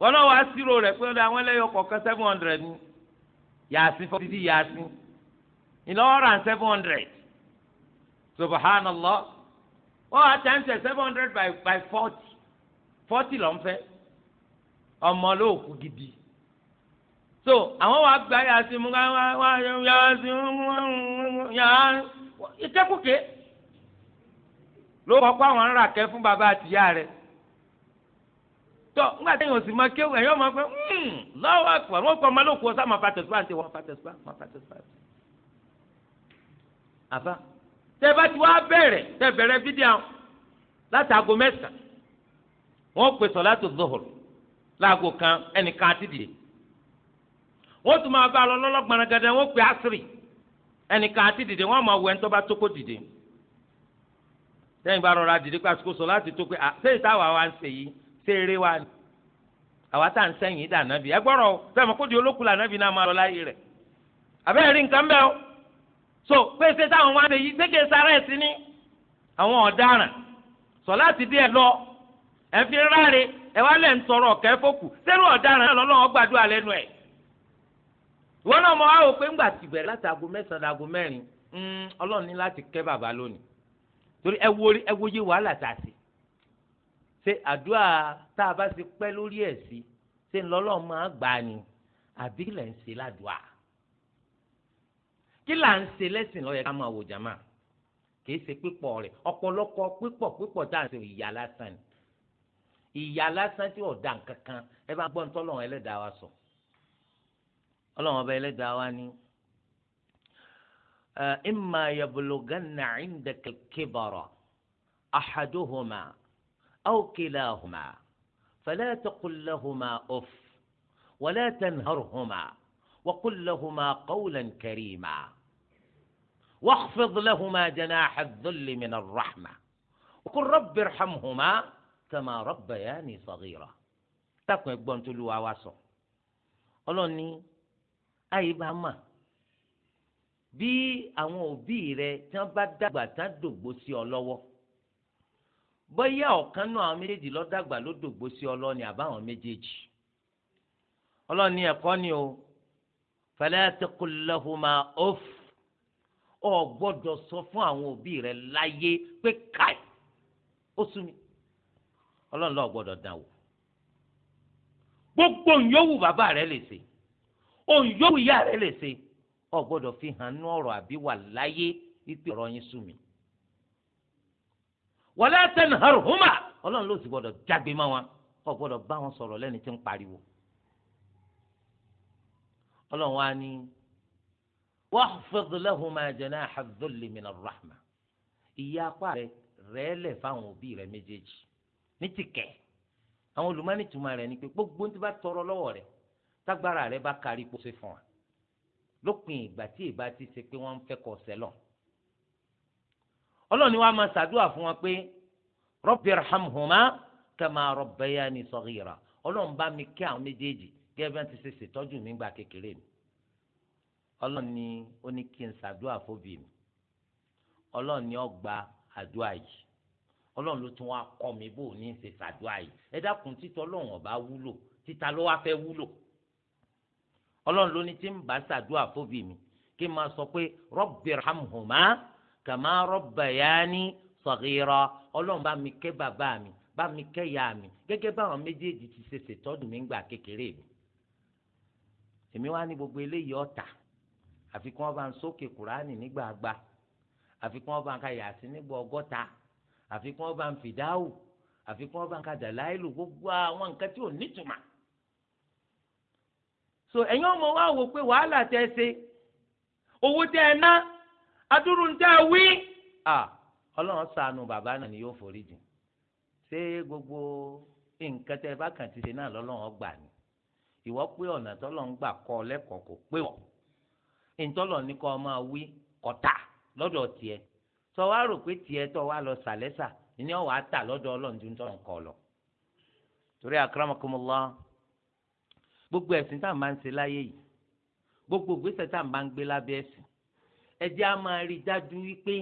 wọn náà wàá sírò rẹ̀ pé ọdọ àwọn ẹlẹyọ kọ̀ọ̀kan seven hundred ni yàásín fọ títí yàásín ìlọrọ seven hundred subhanallah wọn wàá tẹ̀ ń tẹ̀ seven hundred by by forty forty ló ń fẹ́ ọmọ ló kú gidi so àwọn wàá gba yàásín mú yàásín mú yàásín ìkẹ́kùkẹ́ ló kọ́ pé àwọn ń rà kẹ́ fún bàbá àtìyá rẹ̀ tọ ńgbà tí yóò sì máa kéwù ẹ̀yọ́ máa pẹ́ lọ́wọ́ àpò wọn kọ́ ọmọlókù ọ̀sán máa pàtẹ́sí báńtì wọn pàtẹ́sí báńtì. àbá tẹ bá ti wá bẹ̀rẹ̀ tẹ bẹ̀rẹ̀ fídíà láti aago mẹ́sàn-án pè sọ láti láago kan ẹnìkan àti dìde wọ́n tún máa bá a lọ pè ẹnìkan àti dìde máa bá tókó dìde bá rọra dìde pé àsìkò sọ láti seere eré wa ni àwa tá à ń sẹ́yìn dà nábì o kó di olókùn lànàbì náà máa lọ láyé rẹ̀ so pèsè táwọn yí sára ẹ̀ sí ní àwọn ọ̀daràn sọ láti lọ ẹ fi ráre ẹ wá lẹ̀ ń tọrọ ọ̀kẹ́ fòkù sẹ́nu ọ̀daràn náà gbàdúrà lẹ́nu ṣe àdúrà tá a bá ti pẹ́ lórí ẹ̀ sí ṣe ń lọ́lọ́ máa gbà ni àbí lẹ̀ ń ṣe ládùá kí là ń ṣe lẹ́sìn lọ́yẹ ká máa wò jàmá kìí ṣe pípọ̀ rẹ̀ ọ̀pọ̀lọpọ̀ pípọ̀ pípọ̀ tá à ń ṣe ìyá lásán ni ìyá lásán tí ọ̀dà kankan ẹ bá gbọ́ nítorí ọlọ́run ẹlẹ́dàá wa sọ ọlọ́run ọba ẹlẹ́dàá wa ni imma yablughanna 'indaka al-kibara ahaduhuma. أو كلاهما فلا تقل لهما أف ولا تنهرهما وقل لهما قولا كريما واخفض لهما جناح الذل من الرحمة وقل رب ارحمهما كما ربياني صغيرة تكون يقبون تلو واسو أي àyíbámà bí àwọn òbí rẹ tí wọ́n bá dàgbà dògbò sí bóyá ọ̀kan náà àwọn méjèèjì ló dàgbà ló dògbò sí ọlọ́ni àbáwọn méjèèjì ọlọ́ni ẹ̀kọ́ ni o fala taqul lahuma off ọ gbọ́dọ̀ sọ fún àwọn òbí rẹ láyé pé káì ó sú mi ọlọ́run lọ́ọ́ gbọ́dọ̀ dàn wò gbogbo òǹyọ́wù bàbá rẹ lè ṣe òǹyọ́wù ìyá rẹ lè ṣe ọ gbọ́dọ̀ fi hàn ní ọ̀rọ̀ àbí wà láyé wípé ọ̀rọ̀ yín sú mi wala tanharhuma ọlọ́run ló sì gbọ́dọ̀ jágbe mọ́ wọn kò gbọ́dọ̀ bá wọn sọ̀rọ̀ lẹ́ni tí ń pariwo ọlọ́run wa ni wahfid lahuma janaha dhulli minar rahma ìyá apá rẹ rẹ lẹ̀ fáwọn òbí rẹ méjèèjì ní tìkẹ́ àwọn olùmọ́ni tuma rẹ̀ ni pé gbogbo tí bá tọrọ lọ́wọ́ rẹ̀ tágbára rẹ̀ bá kárí kó ṣe fún wa lópin ìgbà tí ìbá ti ṣe pé wọ́n ń fẹ́ kọ́ sẹ́lọ̀n ọlọ́run ni wàá máa ṣàdúrà fún wọn pé rabbi irhamhuma kama rabbayani saghira ọlọ́run bá mi kí àwọn méjèèjì gẹ́gẹ́ bí wọ́n ti ṣe ṣètọ́jú mi gba kékeré mi ọlọ́run ni ó ní kí n ṣàdúrà fóbì mi ọlọ́run ni ó gba àdúrà yìí ọlọ́run ló tún wá kọ́ mi bó o ní ṣe ṣàdúrà yìí ẹ dákun títọ́ ọlọ́run ọba wúlò títa ló wá fẹ́ wúlò ọlọ́run ló ní tí ń bá ṣàdúrà fóbì mi kí n máa sọ pé rabbi irhamhuma kàmá rabbayani saghira ọlọ́run bá mi kẹ́ bàbá mi bá mi kẹ́ ìyá mi gẹ́gẹ́ báwọn méjèèjì ti ṣe ṣètọ́jú mi ńgbà kékeré mi èmi wá ní gbogbo eléyìí ọ̀tà àfi kí wọ́n bá ń sókè kùránì nígbà àgbà àfi kí ń ka yàtí nígbà ọgọ́ta àfi kí ń fìdáwù àfi kí ń ka dàláìlù gbogbo àwọn nǹkan tí ò nítumà so ẹ̀yin ọmọ wa wò pé wàhálà tẹ́ ṣe owó tẹ́ ẹ ná adúrúntà wí ọlọ́run ṣàánú bàbá náà ni yóò forí jìn ṣé gbogbo nǹkan tẹ bá kàn ti ṣe náà lọ́lọ́run gbà ni ìwọ pé ọ̀nà tọ́lọ́run gbà kọ́ lẹ́kọ̀ọ́ kò pé wọ̀ ìtọ́lọ̀ ní kọ́ máa wí kọ́tà lọ́dọ̀ tiẹ̀ tọ́ wá rò pé tiẹ̀ tọ́ wá lọ sàlẹ́sà ní ọ̀wá tà lọ́dọ̀ ọlọ́run tó ń tọ́lọ̀ kọ́ lọ. torí akramakumullah gbogbo ẹ̀sìn tá à ń bá ń ṣe láyé yìí gbogbo ìgbésẹ̀ tá à ń bá ń gbé lábẹ́ ẹ̀sìn ẹ jẹ́ a máa rí dájú wípé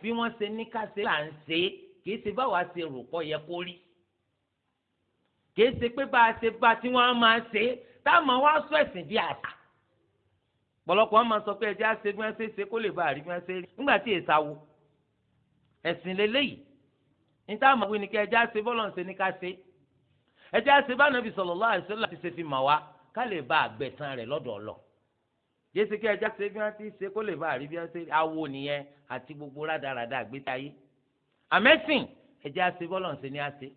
bí wọ́n ṣe ní ká ṣe là ń ṣe kìí ṣe báwa ṣe rò pọ̀ yẹ kó rí kìí ṣe pé bá a ṣe bá tí wọ́n á máa ṣe tá a máa wá sọ ẹ̀sìn bí àṣà pọ̀lọpọ̀ wọ́n máa sọ pé ẹ a ṣe bí wọ́n ṣe ṣe kó lè bá a rí bí wọ́n ṣe rí nígbà tí èsà wo ẹ̀sìn lélẹ́yìí ní tá a máa wí ni kí ẹ jẹ́ a ṣe bọ́lọ̀ ń ṣe ní ká ṣe ẹ a ṣe bá nàbì sallallahu alaihi wasallam ti ṣe fi mà wá ká lè bá àgbẹ̀tàn rẹ̀ lọ́dọ̀ Ọlọ́run jésì kí ẹja ṣe bí wọn ti ṣe kó lè bá àrí bí wọn ṣe awo nìyẹn àti gbogbo rádaràda àgbéta ayé àmẹ́sìn ẹja ṣe bọ́lọ̀ ń ṣe ní àṣẹ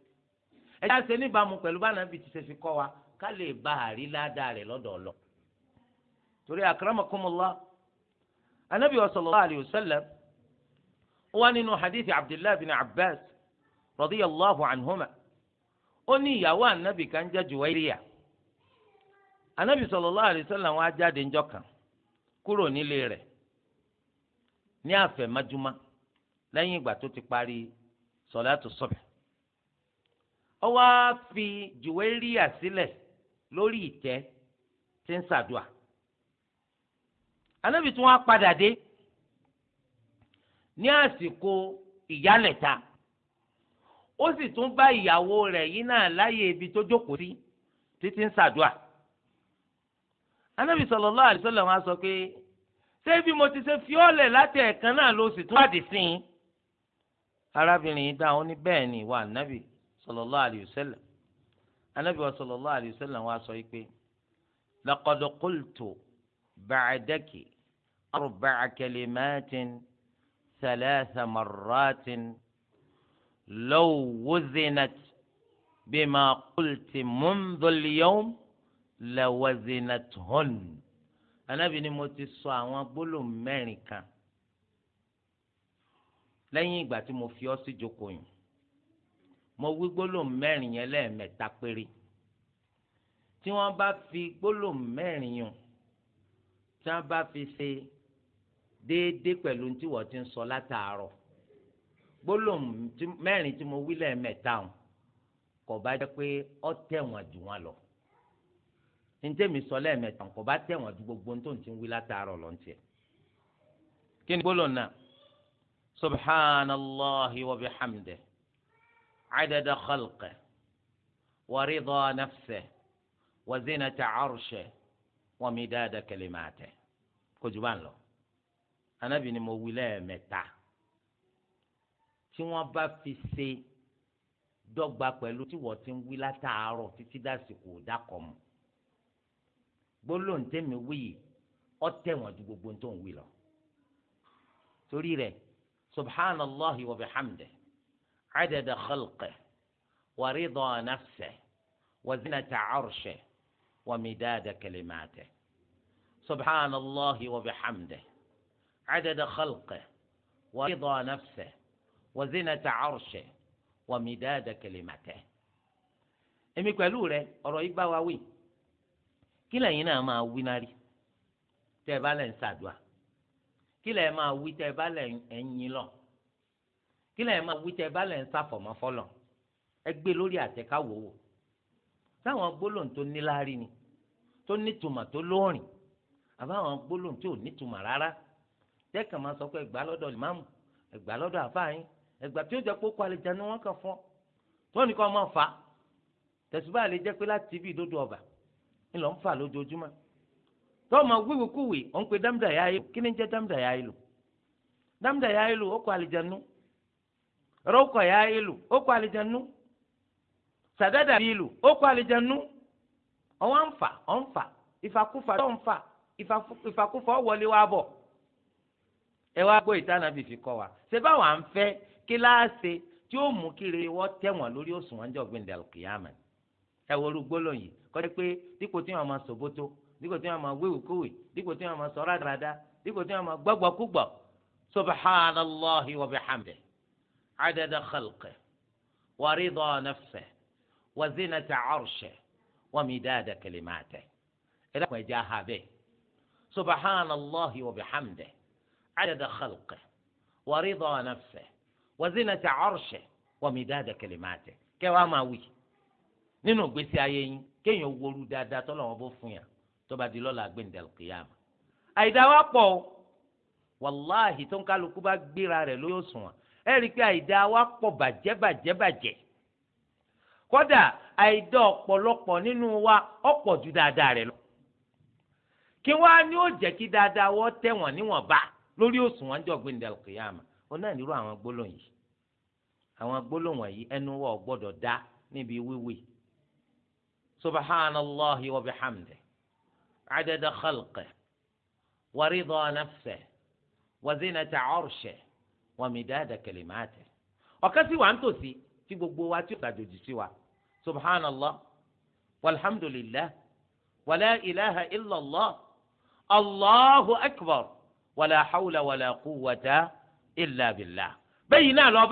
ẹja ṣe níbàámu pẹ̀lú bá nàbì ti ṣe fi kọ́ wa ká lè bá àrí ládàá rẹ̀ lọ́dọ̀ ọ̀lọ́ torí akramakumullah anabi wa sallallahu alayhi wa sallam wa nínú hadith abdullahi bin abbas radiyallahu anhuma ó ní ìyàwó anabi kan jẹ́ juwairiya anabi sallallahu alayhi wa sallam wá jáde ńjọ́ kan kúrò nílé rẹ̀ ní àfẹ̀mọ́júmọ́ lẹ́yìn ìgbà tó ti parí sọ̀látù sọ̀bẹ̀. ọ wá fi jùwéríyà sílẹ̀ lórí ìtẹ́ tí ń ṣàdúà. anábì tí wọ́n padà dé ní àsìkò ìyálẹ̀ta ó sì tún bá ìyàwó rẹ̀ yìí náà láyé ibi tó jókòó sí títí ń ṣàdúà. anabi sallallahu alaihi wasallam wá sọ pé ṣé bí mo ti ṣe fi ọlẹ láti ẹ̀ẹ̀kan náà ló sì tún wádìí sí i arábìnrin yìí dáhùn ní bẹ́ẹ̀ ni ìwà anabi sallallahu alaihi wasallam anabi wa sallallahu alaihi wasallam wá sọ pé laqad qultu ba'daki arba'a kalimatin thalatha marratin law wuzinat bima qulti mundhu al-yawm lawazinatuhun anabi ni mo ti sọ àwọn gbólóhùn mẹ́rin kan lẹ́yìn ìgbà tí mo fi ọ́ sí jókòó yìí mo wí gbólóhùn mẹ́rin yẹn lẹ́ẹ̀mẹ́ta péré tí wọ́n bá fi gbólóhùn mẹ́rin yàn tí wọ́n bá fi ṣe déédéé pẹ̀lú tí wọ́n ti ń sọ látàárọ̀ gbólóhùn mẹ́rin tí mo wí lẹ́ẹ̀mẹ́ta hàn kò bá jẹ́ pé ó tẹ̀wọ̀n jù wọ́n lọ ntẹ́mi sọ lẹ́ẹ̀mẹ́ta kò bá tẹ̀wọ̀n ju gbogbo tó ń ti wí látàárọ̀ lọ ń tiẹ̀. kí ni gbólóhùn náà subhanallahi wa bihamdihi adada khalqihi wa ridha nafsihi wa zinata arshihi wa midada kalimatihi kò jù bá lọ. anábì ni mo wí lẹ́ẹ̀mẹ́ta tí wọ́n bá fi ṣe dọ́gba pẹ̀lú tí wọ́n ti ń wí látàárọ̀ títí dásìkò dákọ̀ mu gbólóhùn tẹ́mi wíyì ọ̀tẹ̀ wọn ju gbogbo tó ń wí lọ. torí rẹ̀ subhanallah wa bihamdih adada khalqihi wa rida nafsihi wa zinata arshihi wa midada kalimatihi subhanallah wa bihamdih adada khalqihi wa rida nafsihi wa zinata arshihi wa midada kalimatihi. èmi pẹ̀lú rẹ̀ ọ̀rọ̀ yìí gbá wa wí kí lẹ́yìn náà máa wí náà rí tẹ́ ẹ bá lẹ̀ ń ṣàdúà kí lẹ́yìn máa wí tẹ́ ẹ bá lẹ̀ ń yin lọ kí lẹ́yìn máa wí tẹ́ ẹ bá lẹ̀ ń ṣàfọ̀mọ́ fọlọ̀ ẹ gbé lórí àtẹ̀káwò wò táwọn gbólóhùn tó níláárí ni tó nítumọ̀ tó lóòrìn àbáwọn gbólóhùn tí ò nítumọ̀ rárá tẹ́kàn máa sọ pé ẹgbàá lọ́dọ̀ ìmáàmù ẹgbàá lọ́dọ̀ àfáàyín ẹgbàá tí ó jẹ́ pé ó kọ àlejò ni wọ́n kàn fọ́ tó ní kọ́ máa fà tẹ̀síbáà lè jẹ́ pé láti ibi ìdodo ọ̀bà ńlọ ń fà lójoojúmọ́ tọ́ọ̀mọ wíwíkúwì ó ń pe dámdà yá ayélu kí ni ń jẹ́ dámdà yá ayélu dámdà yá ayélu ó kọ àlìjẹnu rọ́ọ̀kọ̀ yá ayélu ó kọ àlìjẹnu sàdádà bílù ó kọ àlìjẹnu ọwọ́ ń fà ọ̀ ń fà ìfàkúfà tó ń fà ìfàkúfà ó wọlé wá bọ̀ ẹ wá gbọ́ ìtànà fìfì kọ wa ṣé báwa ń fẹ́ kíláàsì tí ó mú kiri wọ́n tẹ̀wọ̀n lórí òṣùwọ̀n jọ̀gbìn dàlùkìyàmẹ́ni ẹ wo orúgbó lòyìn kọ́ni pé dípò tí wọn máa sòbótó dípò tí wọn máa wéwì kówì dípò tí wọn máa sọ rádaràda dípò tí wọn máa gbọ́gbọ́ kúgbọ́ subhanallahi wa bihamdihi adada khalqihi wa rida nafsihi wa zinata arshihi wa midada kalimatihi ẹ dákun ẹja ha bẹ́ẹ̀ subhanallahi wa bihamdihi adada khalqihi wa rida nafsihi wa zinata arshihi wa midada kalimatihi kẹwàá máa wí nínú ìgbésí ayé yín kéèyàn wọlú dáadáa tọ́lọ̀ wọn bó fún yà tó bá di lọ́la gbẹ̀ndẹ̀lù kìyàmù. àìdá wa pọ̀ o wàláhì tó ń kálukú bá gbéra rẹ̀ ló yóò sùn wọn ẹ rí i pé àìdá wa pọ̀ bàjẹ́ bàjẹ́ bàjẹ́ kódà àìdá ọ̀pọ̀lọpọ̀ nínú wa ọ̀pọ̀ ju dáadáa rẹ̀ lọ. kí wá ní ó jẹ́ kí dáadáa wọ́n tẹ̀wọ̀n níwọ̀nba lórí òsùn wọn jọ níbi wíwì سبحان الله وبحمده عدد خلقه ورضا نفسه وزنة عرشه ومداد كلماته وكسي وانتوسي في بقبواتي سبحان الله والحمد لله ولا إله إلا الله الله أكبر ولا حول ولا قوة إلا بالله بينا لو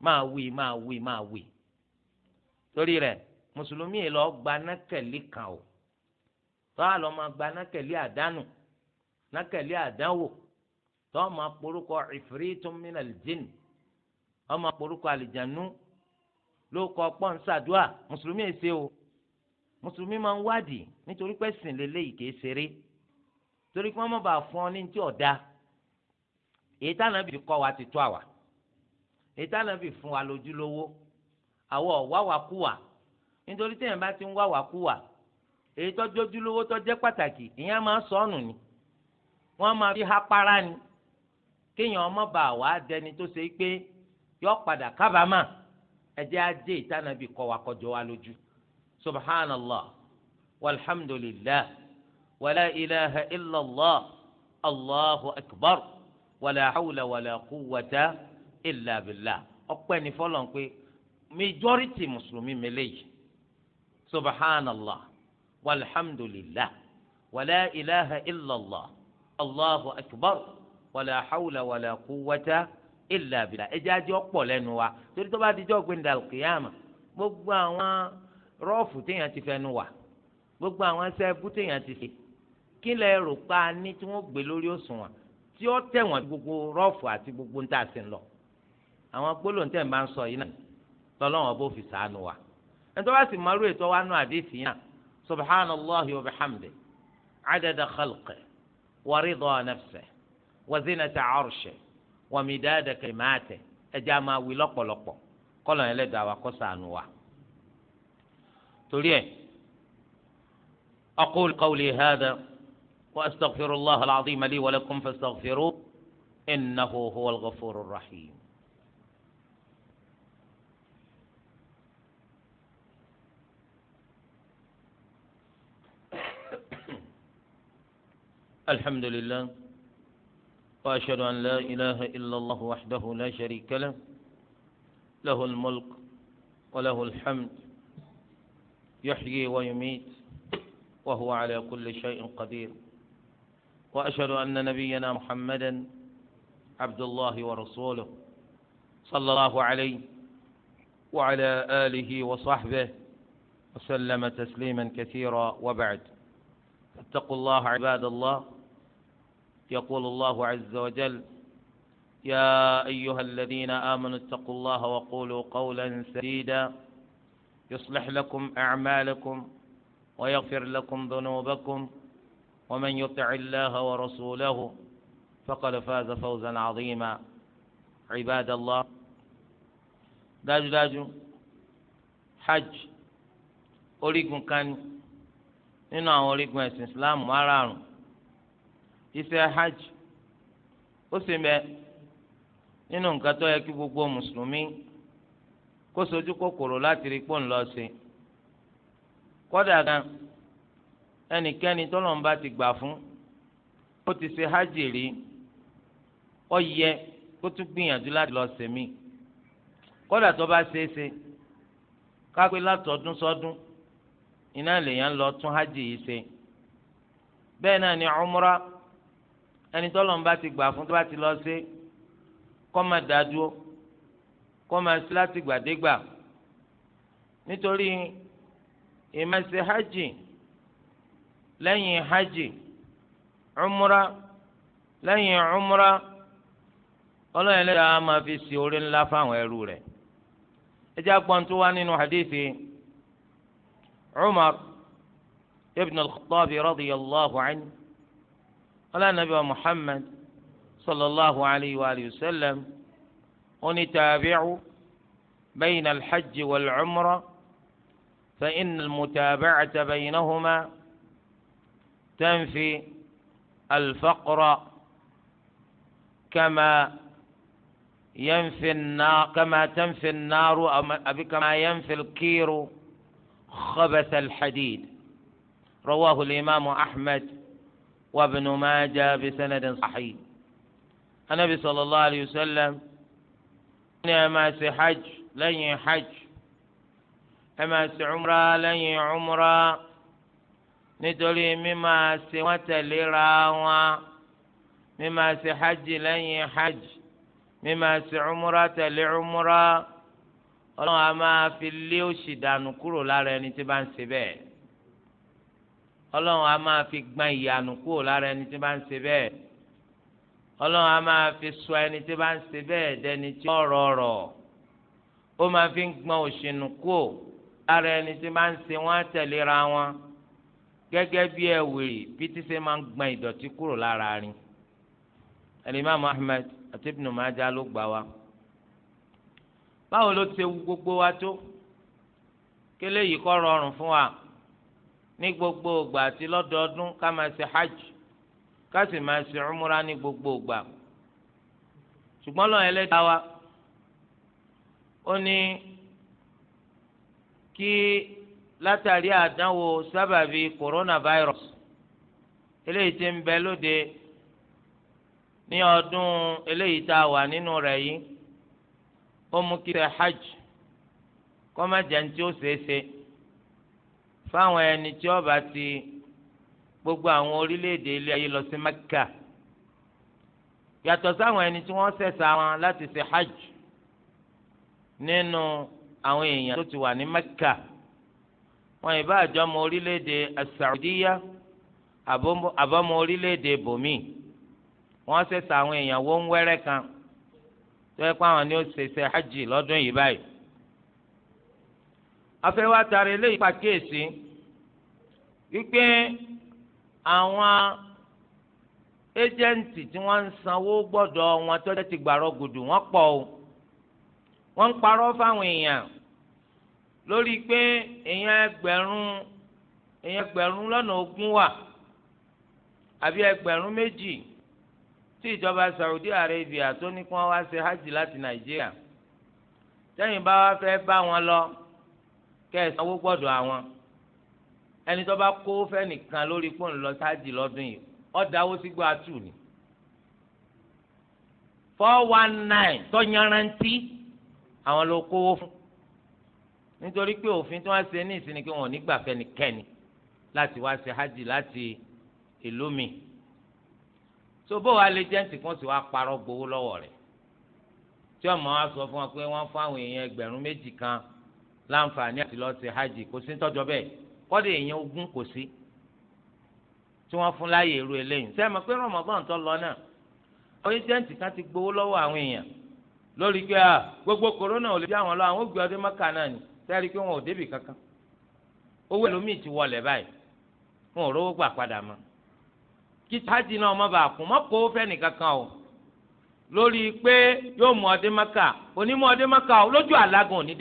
ما وي ماوي ماوي وي torí rẹ̀ mùsùlùmí lọ gba nákẹlí kan o lọ máa gba nákẹlí àdánù nákẹlí àdánwò tọ́wọ́ máa porúkọ ifritun minal jinn máa porúkọ àlìjànú ló kọ mùsùlùmí ṣe o mùsùlùmí máa ń wádìí nítorí pé sìn lélẹ́yìí kìí ṣeré torí pé wọ́n má bàa fún ọ ní tí ọ̀dà èyí tánà bí kọ́ ti àwà èyí tánà bí fún wa àwọ̀ wáwàkúwà nítorí téèyàn bá ti ń wáwàkúwà èyí tó jójúlówó tó jẹ́ pàtàkì ìyẹn máa sọnù ni wọ́n máa fi ha para ni kéèyàn ọmọ bá wà á dẹni tó ṣe pé yọ padà kábàámà ẹjẹ ajé ìtànàbí kọ wa kọjọ wa lójú subhanallah walhamdulillah wàlá ilaha illallah allahu akbar wàlá hawla wàlá kúwàtà illa billah ọpẹ́ ni fọlọ́n pé majority mùsùlùmí mẹlẹ́yìí subhanallah walhamdulillah wàlá ilaha illallah allahu akbar wàlá hawla wàlá quwwata illa billah ẹ jẹ́ ajọ́ pọ̀ lẹ́nu wa torí tó bá dijọ́ gbẹ̀ndà kìyàmà gbogbo àwọn rọ́ọ̀fù téèyàn ti fẹnu wà gbogbo àwọn sẹ́ẹ̀bù téèyàn ti ṣe kí lẹ rò pa ní tí wọ́n gbé lórí òṣùwọ̀n tí ó tẹ̀wọ̀n gbogbo rọ́ọ̀fù àti gbogbo ń lọ àwọn gbólóhùn tẹ̀ máa ń sọ yìí náà lọ́lọ́wọ́n bó fi sànù wa ẹni tó bá sì máa rú ètò wa nù àdé àdéhìí yàn subhanallahi wa bihamdi adada khalqe wa ridha nafse wa zinata arshe wa midada kalimate ẹja máa wí lọ́pọ̀lọpọ̀ kọ́lọ̀ yẹn lè lẹ́dọ̀ àwa kó sàánú wa. torí ẹ أقول قولي هذا وأستغفر الله العظيم لي ولكم فاستغفروه إنه هو الغفور الرحيم الحمد لله واشهد ان لا اله الا الله وحده لا شريك له له الملك وله الحمد يحيي ويميت وهو على كل شيء قدير واشهد ان نبينا محمدا عبد الله ورسوله صلى الله عليه وعلى اله وصحبه وسلم تسليما كثيرا وبعد فاتقوا الله عباد الله يقول الله عز وجل يا أيها الذين آمنوا اتقوا الله وقولوا قولا سديدا يصلح لكم أعمالكم ويغفر لكم ذنوبكم ومن يطع الله ورسوله فقد فاز فوزا عظيما عباد الله داجو داجو حج أوليكم كان nínú اريكم اسلام ẹ̀sìn islam Ise hajj ó sì mẹ́ nínú nǹkan tó yẹ kí gbogbo mùsùlùmí kó sojú kòkòrò láti rí pọ́ùn lọ sí kódà gan ẹnikẹ́ni ti gbà fún ó ti ṣe hajj rí ó yẹ kó tún gbìyànjú láti lọ sèmí kódà tó bá ṣeé ṣe kápẹ́ látọ̀dún sọ́dún iná lèèyàn lọ tún hajj yìí ṣe bẹ́ẹ̀ náà ni umrah ẹni tọ́lọ̀ ń bá ti gbà fún tó bá ti lọ sí kọ́ máa dá dúró kọ́ máa sí láti gbàdégbà nítorí ìmọ̀ọ́sẹ̀ hajj lẹ́yìn hajj umra lẹ́yìn umra ọlọ́run ẹlẹ́dàá máa fi sí orí ńlá fáwọn ẹrú rẹ̀ ẹ jẹ́ tó wá nínú hadithi Umar ibn al-Khattab radiyallahu anhu. ọlá nàbí wa Muhammad sallallahu alayhi wa alihi wa sallam oní tàbícu bayna alhajj wal cumra fa ina almutabacata baynahuma tanfi alfaqra kama ينفي النار كما تنفي النار أو كما ينفي الكير خبث الحديد رواه الإمام أحمد وابن ماجه بسند صحيح النبي صلى الله عليه وسلم ẹ máa ṣe hajj lẹ́yìn hajj ẹ máa ṣe umra lẹ́yìn umra nítorí mímá ṣe wọ́n tẹ̀léra wọn mímá ṣe hajj lẹ́yìn hajj mímá ṣe umra tẹ̀lé umra ọlọ́run a máa fi lé òṣì dànù kúrò lára ẹni tí bá ń ṣe bẹ́ẹ̀ ọlọ́run a máa fi gbọ́n ìyanu kúrò lára ẹni tí bá ń ṣe bẹ́ẹ̀ ọlọ́run a máa fi sọ ẹni tí bá ń ṣe bẹ́ẹ̀ dẹni tí ó rọrọ̀ ó máa fi ń gbọ́n òṣìnú kúrò lára ẹni tí bá ń ṣe wọ́n á tẹ̀léra wọn gẹ́gẹ́ bí ẹ̀wìrì bí tí ṣe máa ń gbọ́n ìdọ̀tí kúrò lára rìn Al-Imam àti Ibn Majah ló gbà wá báwo ló ti wu gbogbo wa tó kélé kọ́ rọrùn fún wa ní gbogbo ìgbà àti lọ́dọọdún ká máa ṣe hajj ká sì máa ṣe umra ní gbogbo ìgbà ṣùgbọ́n lọ́wọ́ ẹlẹ́dàá wa ó ní kí látàrí àdánwò sábàbí coronavirus eléyìí tí ń bẹ lóde ní ọdún eléyìí tá a wà nínú rẹ̀ yìí ó mú kí ṣe hajj kó má jẹ́ tí ó ṣeé ṣe fáwọn ẹni tí ó bá ti gbogbo àwọn orílẹ̀-èdè ilé ayé lọ sí Mẹ́kà yàtọ̀ sáwọn ẹni tí wọ́n sẹ̀sà wọn láti ṣe hajj nínú àwọn èèyàn tó ti wà ní Mẹ́kà wọn ìbá àjọmọ orílẹ̀-èdè asàrúdíyà àbọ̀mọ orílẹ̀-èdè bòmí wọ́n sẹ̀sà àwọn èèyàn wọ́n wẹ́rẹ́ kan tó yẹ kó àwọn ni ó ṣe ṣe hajj lọ́dún yìí báyìí afẹ́wátari eléyìí pàkíyèsí wípé àwọn ẹjẹǹtì tí wọ́n ń sanwó gbọ́dọ̀ wọn tó ti gbàrọ gùdù wọ́n pọ̀ o wọ́n ń parọ́ fáwọn èèyàn lórí pé èèyàn ẹgbẹ̀rún èèyàn ẹgbẹ̀rún lọ́nà ogún wà àbí ẹgbẹ̀rún méjì tí ìjọba Saudi Arabia tó ní kí wọ́n wá ṣe hajj láti Nàìjíríà tẹ́yìn bá wá fẹ́ bá wọn lọ kẹ́ ẹ̀ sanwó gbọ́dọ̀ àwọn ẹni tó bá kó fẹ́nìkan lórí fóònù lọ sáájì lọ́dún yìí ó sí gbọ́ àtù ni four one nine tó yanrantí àwọn ló kówó fún nítorí pé òfin tí wọ́n ṣe ní ìsinmi pé wọn ò ní gbà fẹ́nikẹ́ni láti wá ṣe hajj láti ìlú mi tó bó wa lè jẹ́ǹtì kan sì wá parọ́ gbowó lọ́wọ́ rẹ̀ tí ọmọ wa sọ fún wa pé wọ́n fún àwọn èèyàn ẹgbẹ̀rún méjì kan láǹfààní àti lọ́ọ́ ṣe hajj kò sí tọ́jọ́ bẹ́ẹ̀ kọ́dà èèyàn ogún kò sí tí wọ́n fún láàyè irú eléyìí ṣé ẹ mọ̀ pé rọmọgbọ́n tó lọ náà oníṣẹ́ǹtì kan ti gbowó lọ́wọ́ àwọn èèyàn lórí pé gbogbo kòrónà ò lè bí àwọn lọ àwọn ògbé ọdún mọ́kà náà ni wọn ò débì kankan owó ẹlòmíì ti wọlé báyìí wọn ò rówó gbà padà mọ́ kí náà kún kankan o lórí pé yóò mú ọdún lójú òní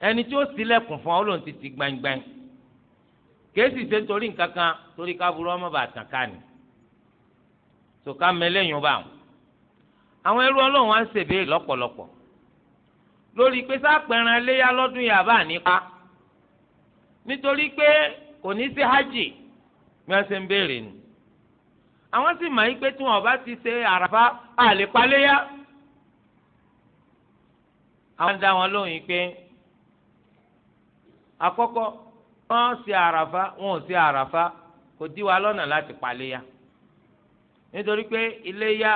ẹni tí ó ṣílẹ̀kùn fún ọ lòun ti ti gbangban kéésì ṣe nítorí nǹkan kan torí káburú ọmọ bá tàn ká ni tòká mẹlẹ́yìn bá wọn. àwọn ẹrú ọlọ́run wá ń ṣèbéèrè lọ́pọ̀lọpọ̀ lórí pé sápẹ̀ràn léyà lọ́dún yàrá nípa nítorí pé kò ní sí hajj bí wọ́n ṣe ń béèrè nù. àwọn sì máa ń pé tí wọn bá ti ṣe àràfá àlèpaléyà. àwọn dá wọn lóhùn yìí pé àkọ́kọ́ wọ́n ṣe àràfá wọn ò ṣe àràfá kò dí wa lọ́nà láti paléya nítorí pé iléyá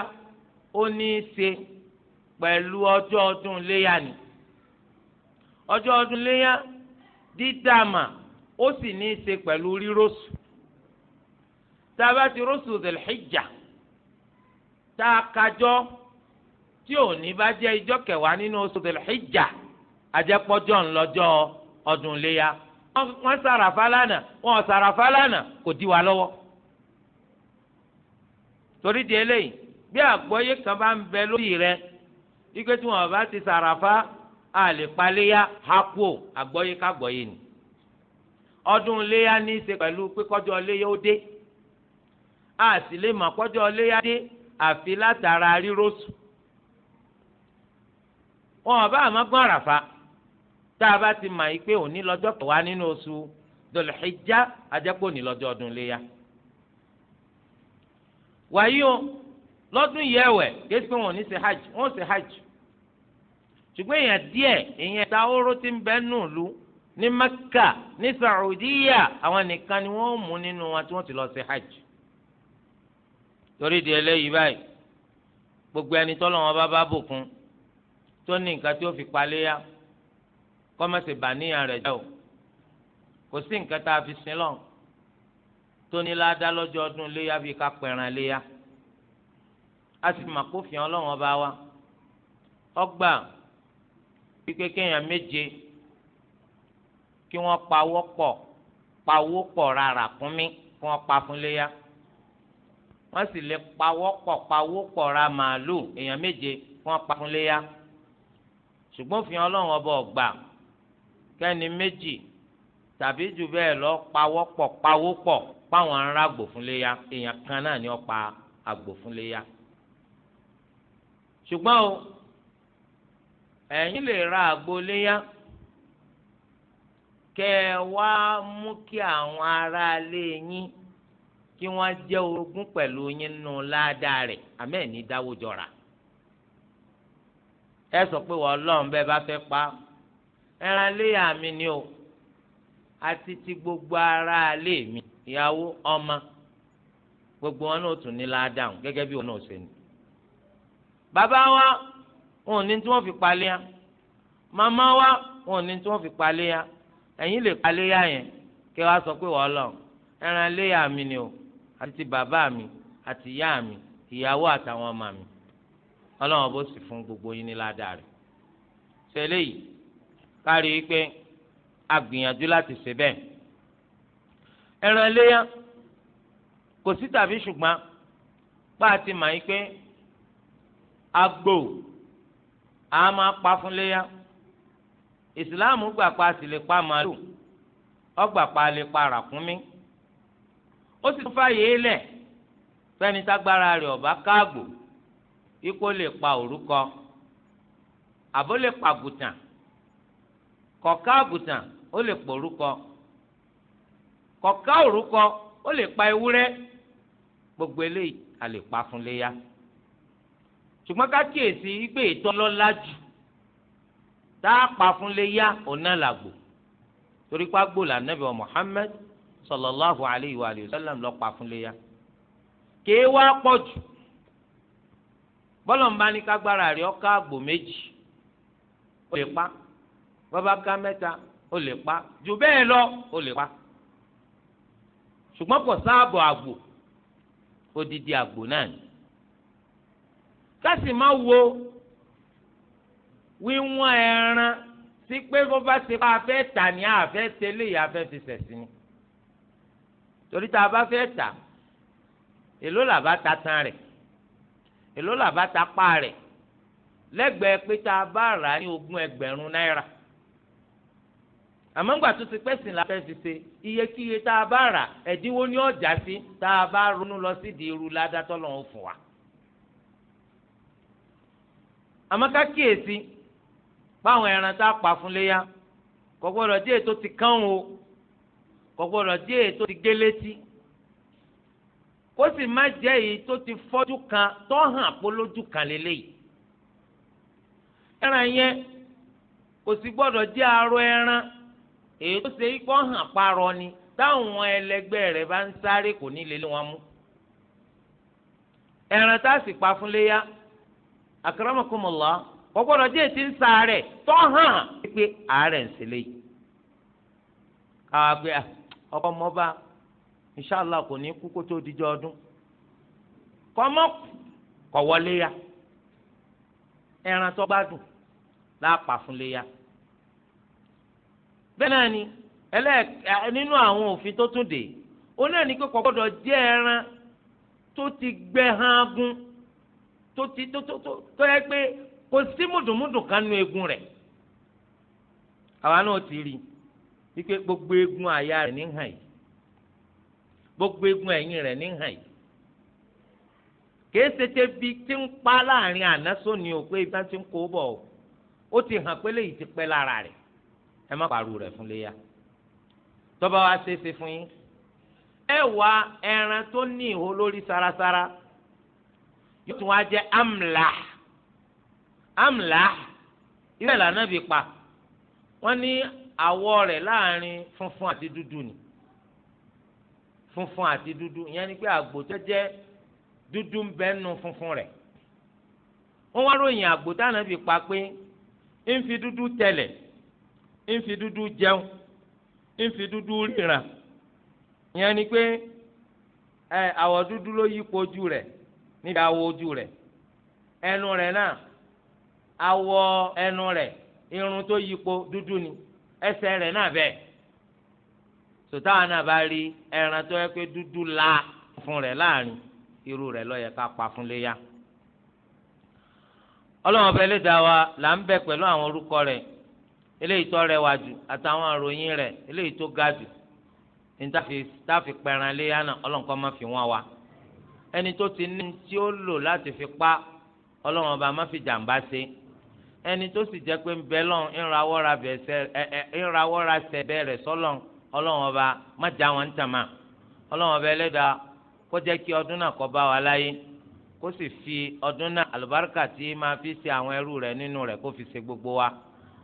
ó ní í ṣe pẹ̀lú ọjọ́ ọdún léyá ni ọjọ́ ọdún léyá dídàmà ó sì ní í ṣe pẹ̀lú rírọ́sù tá a bá ti rọ́sù dhul tá a kájọ́ tí ò ní bá jẹ́ ijọ́ kẹwàá nínú oṣù dhul àjẹpọ́jọ́ ńlọ́jọ́ ọ ọdún léya wọ́n sàràfà lánàá wọ́n sàràfà lánàá kò di wa lọ́wọ́ torí di eléyìí bí àgbọ́yé kan bá ń bẹ lórí rẹ ike tí wọn bá ti sàràfà a lè paléyà hapo àgbọ́yé kàgbọ́yé ni ọdún léya ní í ṣe pẹ̀lú pé kọ́jọ́ léya ó dé a sì lè mọ̀ kọ́jọ́ léya dé àfi látara rírọ́sù wọn bá àmọ́ gbọ́n àràfà tá a bá ti mọ̀ yìí pé òní lọ́jọ́ kẹwàá nínú oṣù dòlùxíjà ajẹ́pọ̀ òní lọ́jọ́ ọdún léya. wàyí o lọ́dún yìí ẹ̀wẹ̀ kéésì pé wọ́n ní ṣe hajj wọ́n ṣe hajj ṣùgbọ́n èèyàn díẹ̀ èèyàn ta oró ti ń bẹ́ nù lú ní Mẹ́kà ní Sàrúdíyà àwọn nìkan ni wọ́n mú nínú wọn tí wọ́n ti lọ ṣe hajj torí di eléyìí báyìí gbogbo ẹni tọ́lọ́ wọn bá bá bùkún tó ní nǹkan tí ó fi paléyà kọ́mẹ́sì bàníyàn rẹ̀ jẹ́ o kò sí nǹkan tá a fi sin lọ́n tó ní ládá lọ́jọ́ ọdún léyà bíi ká pẹ̀ràn léyà a sì mà kó fìhàn ọlọ́run ọba wa ọgbà pípé kéèyàn méje kí wọ́n pawọ́ pọ̀ pawọ́ pọ̀ rárá kún mi kí wọ́n pa fún léyà wọ́n sì lè pawọ́ pọ̀ pawọ́ pọ̀ ra màálù èèyàn méje kí wọ́n pa fún léyà ṣùgbọ́n fìhàn ọlọ́run ọba ọgbà. kẹ́ni méjì tàbí jù bẹ́ẹ̀ lọ pawọ́pọ̀ pawọ́pọ̀ páwọn ará àgbòfúnléya èèyàn kan náà ni ó pa àgbòfúnléya. ṣùgbọ́n o ẹ̀yin lè ra àgbòléya kẹ́ ẹ wá mú kí àwọn ará ilé yín kí wọ́n jẹ́ orogún pẹ̀lú yín nù ládàá rẹ̀ jọra. ẹ sọ pé wọ́n lọ́n bẹ́ẹ̀ bá fẹ́ ẹran léyà mi ni o àti ti gbogbo ara lé mi ìyàwó ọmọ gbogbo wọn náà tún ní ládàáhùn gẹ́gẹ́ bí wọn náà ṣe ní. bàbá wa wọn ò ní tí wọ́n fi palẹ́yà màmá wa wọn ò ní tí wọ́n fi ya ẹ̀yin lè palẹ́yà yẹn kẹ́ wàá sọ pé wọ́n lọ ẹran léyà mi ni o àti ti bàbá mi àti ìyá mi ìyàwó àtàwọn ọmọ mi ọlọ́run bó sì fún gbogbo yín ní ládàá rẹ̀ yìí kárí pé a gbìyànjú láti ṣe bẹ́ẹ̀ ẹran iléyà kò sí tàbí ṣùgbọ́n bá a ti mọ̀ yín pé agbo a máa pa fún léyà ìsìláàmù gbà pa sì lè pa màálù ọgbà pa lè pa ràkúnmí ó sì tún fàyè lẹ̀ fẹ́ni tágbára rẹ̀ ọ̀bá káàgbò ikú lè pa òrúkọ àbó lè pa àgùtàn kọ̀ọ̀ká àgùntàn ó lè pọ̀ orúkọ kọ̀ọ̀ká orúkọ ó lè pa ewúrẹ́ gbogbo eléyìí a lè pa fún léyà ṣùgbọ́n ká kíyèsí pé ìtọ́ lọ́la jù tá a pa fún léyà ọ̀nà làgbò torí pa gbò là wa sallallahu alayhi wa sallam pa fún léyà kéé wá pọ̀ jù bọ́lọ̀ ń bá ní kágbára rẹ̀ ọ́ pa. bàbá ká mẹ́ta ó lè pa jù bẹ́ẹ̀ lọ ó lè pa ṣùgbọ́n kò sáàbọ̀ àgbò odidi àgbò náà ni ká sì má wo wíwọ́n ẹran sí pé bó bá ṣe pa afẹ́ tà ní àfẹ́ tẹ́lẹ̀ yìí afẹ́ fi ṣẹ̀sìn ni torí tá a bá fẹ́ tà èló làbá ta tán rẹ̀ èló làbá ta pa rẹ̀ lẹ́gbẹ̀ẹ́ pé tá a bá rà á ní ogún ẹgbẹ̀rún náírà àmọ́ ńgbà tó ti pẹ́ sìn la fẹ́ fi ṣe iyekíye tá a bá rà ẹ̀dínwó ní ọjà sí tá a bá ronú lọ sí di irú ládàtọ́ lọ́wọ́ fún wa. àmọ́ ká kíyèsí báwọn ẹran tá a pa fún léyà kò díẹ̀ tó ti kán o kò díẹ̀ tó ti gé létí kó sì má jẹ́ èyí tó ti fọ́jú kan tó hàn polójú kan lélẹ́yìí. ẹran yẹn kò sì gbọ́dọ̀ jẹ́ aró ẹran. èyí tó ṣe ikọ́ hàn parọ́ ni táwọn ẹlẹgbẹ́ rẹ̀ bá ń sáré kò ní wọn mú ẹran tá a pa fún léyà àkàràmọ̀kọ́mọ̀lá kọ́gbọ́dọ̀ jẹ́ ti ń sáré tó hàn pé àárẹ̀ ń yìí pé ah, ọkọ mọ́ba kò ní kú kó tó dijọ́ ọdún kọ́mọ́ ya tó gbádùn láàpà fún léyà. bẹ́ẹ̀ náà ni nínú àwọn òfin tó tún dé náà ní pé kò gbọ́dọ̀ jẹ́ ẹran tó ti gbẹ hangun tó ti tó tó tó tó yẹ pé kò sí mùdùmùdù kan nu rẹ̀ náà ti rí wípé gbogbo àyà rẹ̀ ní hàn gbogbo ẹ̀yìn rẹ̀ ní hàn ẹ má pàrọ̀ rẹ̀ fún léyà tọ́ba wa ṣe é ṣe fún yín ẹ wá ẹran tó ní ìhó lórí sarasara yóò tún wá jẹ amla amla ilé ìlànà bí pa wọ́n ní àwọ̀ rẹ̀ láàrin funfun àti dúdú ni funfun àti dúdú ìyẹn ni pé àgbò jẹjẹ dúdú ń bẹ nù funfun rẹ̀ wọ́n wá ròyìn àgbò táwọn bí pa pé ń fi dúdú tẹ̀lẹ̀ ń fi dúdú jẹun ń fi dúdú ríran ìyẹn ni pé ẹ àwọ̀ dúdú ló yípo ojú rẹ̀ níbi àwọ̀ ojú rẹ̀ ẹnu rẹ náà awọ ẹnu rẹ irun tó kpo dudu ni ẹsẹ rẹ náà bẹ́ẹ̀ sòtáwọn náà bá rí ẹran tó yẹ pé dúdú la fún rẹ̀ láàrin irú rẹ̀ ló yẹ ká pa fún léyà ọlọ́run ọbẹ̀ lè dá wa là ń bẹ pẹ̀lú àwọn orúkọ rẹ̀ eléyìí tó rẹwà jù àtàwọn àròyìn rẹ eléyìí tó ga jù ní táfi pẹran léyà náà ọlọ́nkọ́ má fi wọ́n wa ẹni tó ti ní tí ó lò fi pa ọlọ́run ọba má fi jàǹbá se ẹni tó sì jẹ́ pé ń bẹ lọ́n ńrawọ́ra ọlọ́run ọba má já wọn tàmà ọlọ́run ọba ẹlẹ́dàá kó jẹ́ kí ọdún náà wa láyé kó sì fi ọdún náà àlùbáríkà tí fi se àwọn ẹrú rẹ nínú rẹ kó fi gbogbo wa.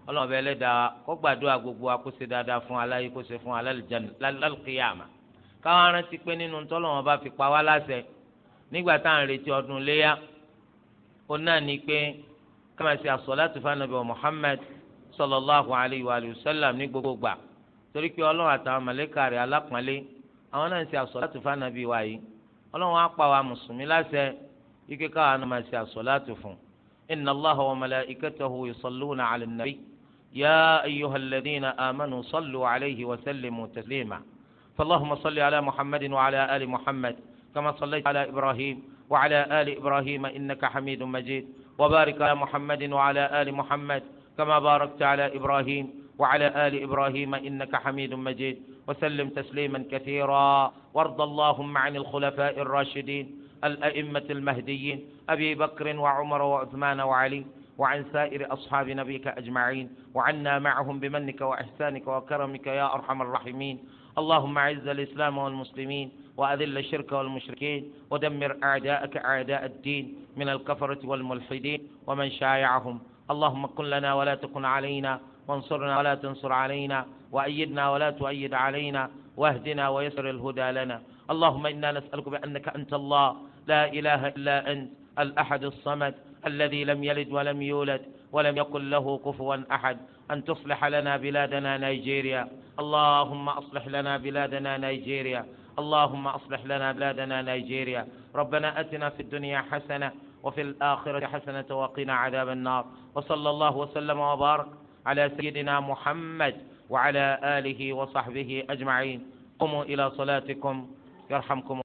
ọlọ́run bẹ́ẹ̀ lẹ́dàá kó gbàdúrà gbogbo akóse dáadáa fún aláyé kó ṣe fún alálùkìyàmà káwọn arántí pé nínú tọ́lọ́wọ́n bá fi pa wá láṣẹ nígbà tá à ń retí ọdún léyà ó náà ní pé káma ṣe àsọ̀látù fanabi Muhammad sallallahu alayhi wa sallam ní gbogbo gbà torí pé ọlọ́run àtàwọn màlẹ́kà rẹ̀ alápọ̀nlé àwọn náà ń ṣe àsọ̀látù fanabi wa yìí ọlọ́run á pa wa mùsùlùmí láṣẹ ike káwọn náà máa ṣe àsọ̀látù fún inna Allaha wa يا أيها الذين آمنوا صلوا عليه وسلموا تسليما فاللهم صل على محمد وعلى آل محمد كما صليت على إبراهيم وعلى آل إبراهيم إنك حميد مجيد وبارك على محمد وعلى آل محمد كما باركت على إبراهيم وعلى آل إبراهيم إنك حميد مجيد وسلم تسليما كثيرا وارض اللهم عن الخلفاء الراشدين الأئمة المهديين أبي بكر وعمر وعثمان وعلي وعن سائر أصحاب نبيك أجمعين وعنا معهم بمنك وإحسانك وكرمك يا أرحم الراحمين اللهم أعز الإسلام والمسلمين وأذل الشرك والمشركين ودمر أعداءك أعداء الدين من الكفرة والملحدين ومن شايعهم اللهم كن لنا ولا تكن علينا وانصرنا ولا تنصر علينا وأيدنا ولا تؤيد علينا واهدنا ويسر الهدى لنا اللهم إنا نسألك بأنك أنت الله لا إله إلا أنت الأحد الصمد الذي لم يلد ولم يولد ولم يكن له كفوا أحد أن تصلح لنا بلادنا نيجيريا اللهم أصلح لنا بلادنا نيجيريا اللهم أصلح لنا بلادنا نيجيريا ربنا أتنا في الدنيا حسنة وفي الآخرة حسنة وقنا عذاب النار وصلى الله وسلم وبارك على سيدنا محمد وعلى آله وصحبه أجمعين قوموا إلى صلاتكم يرحمكم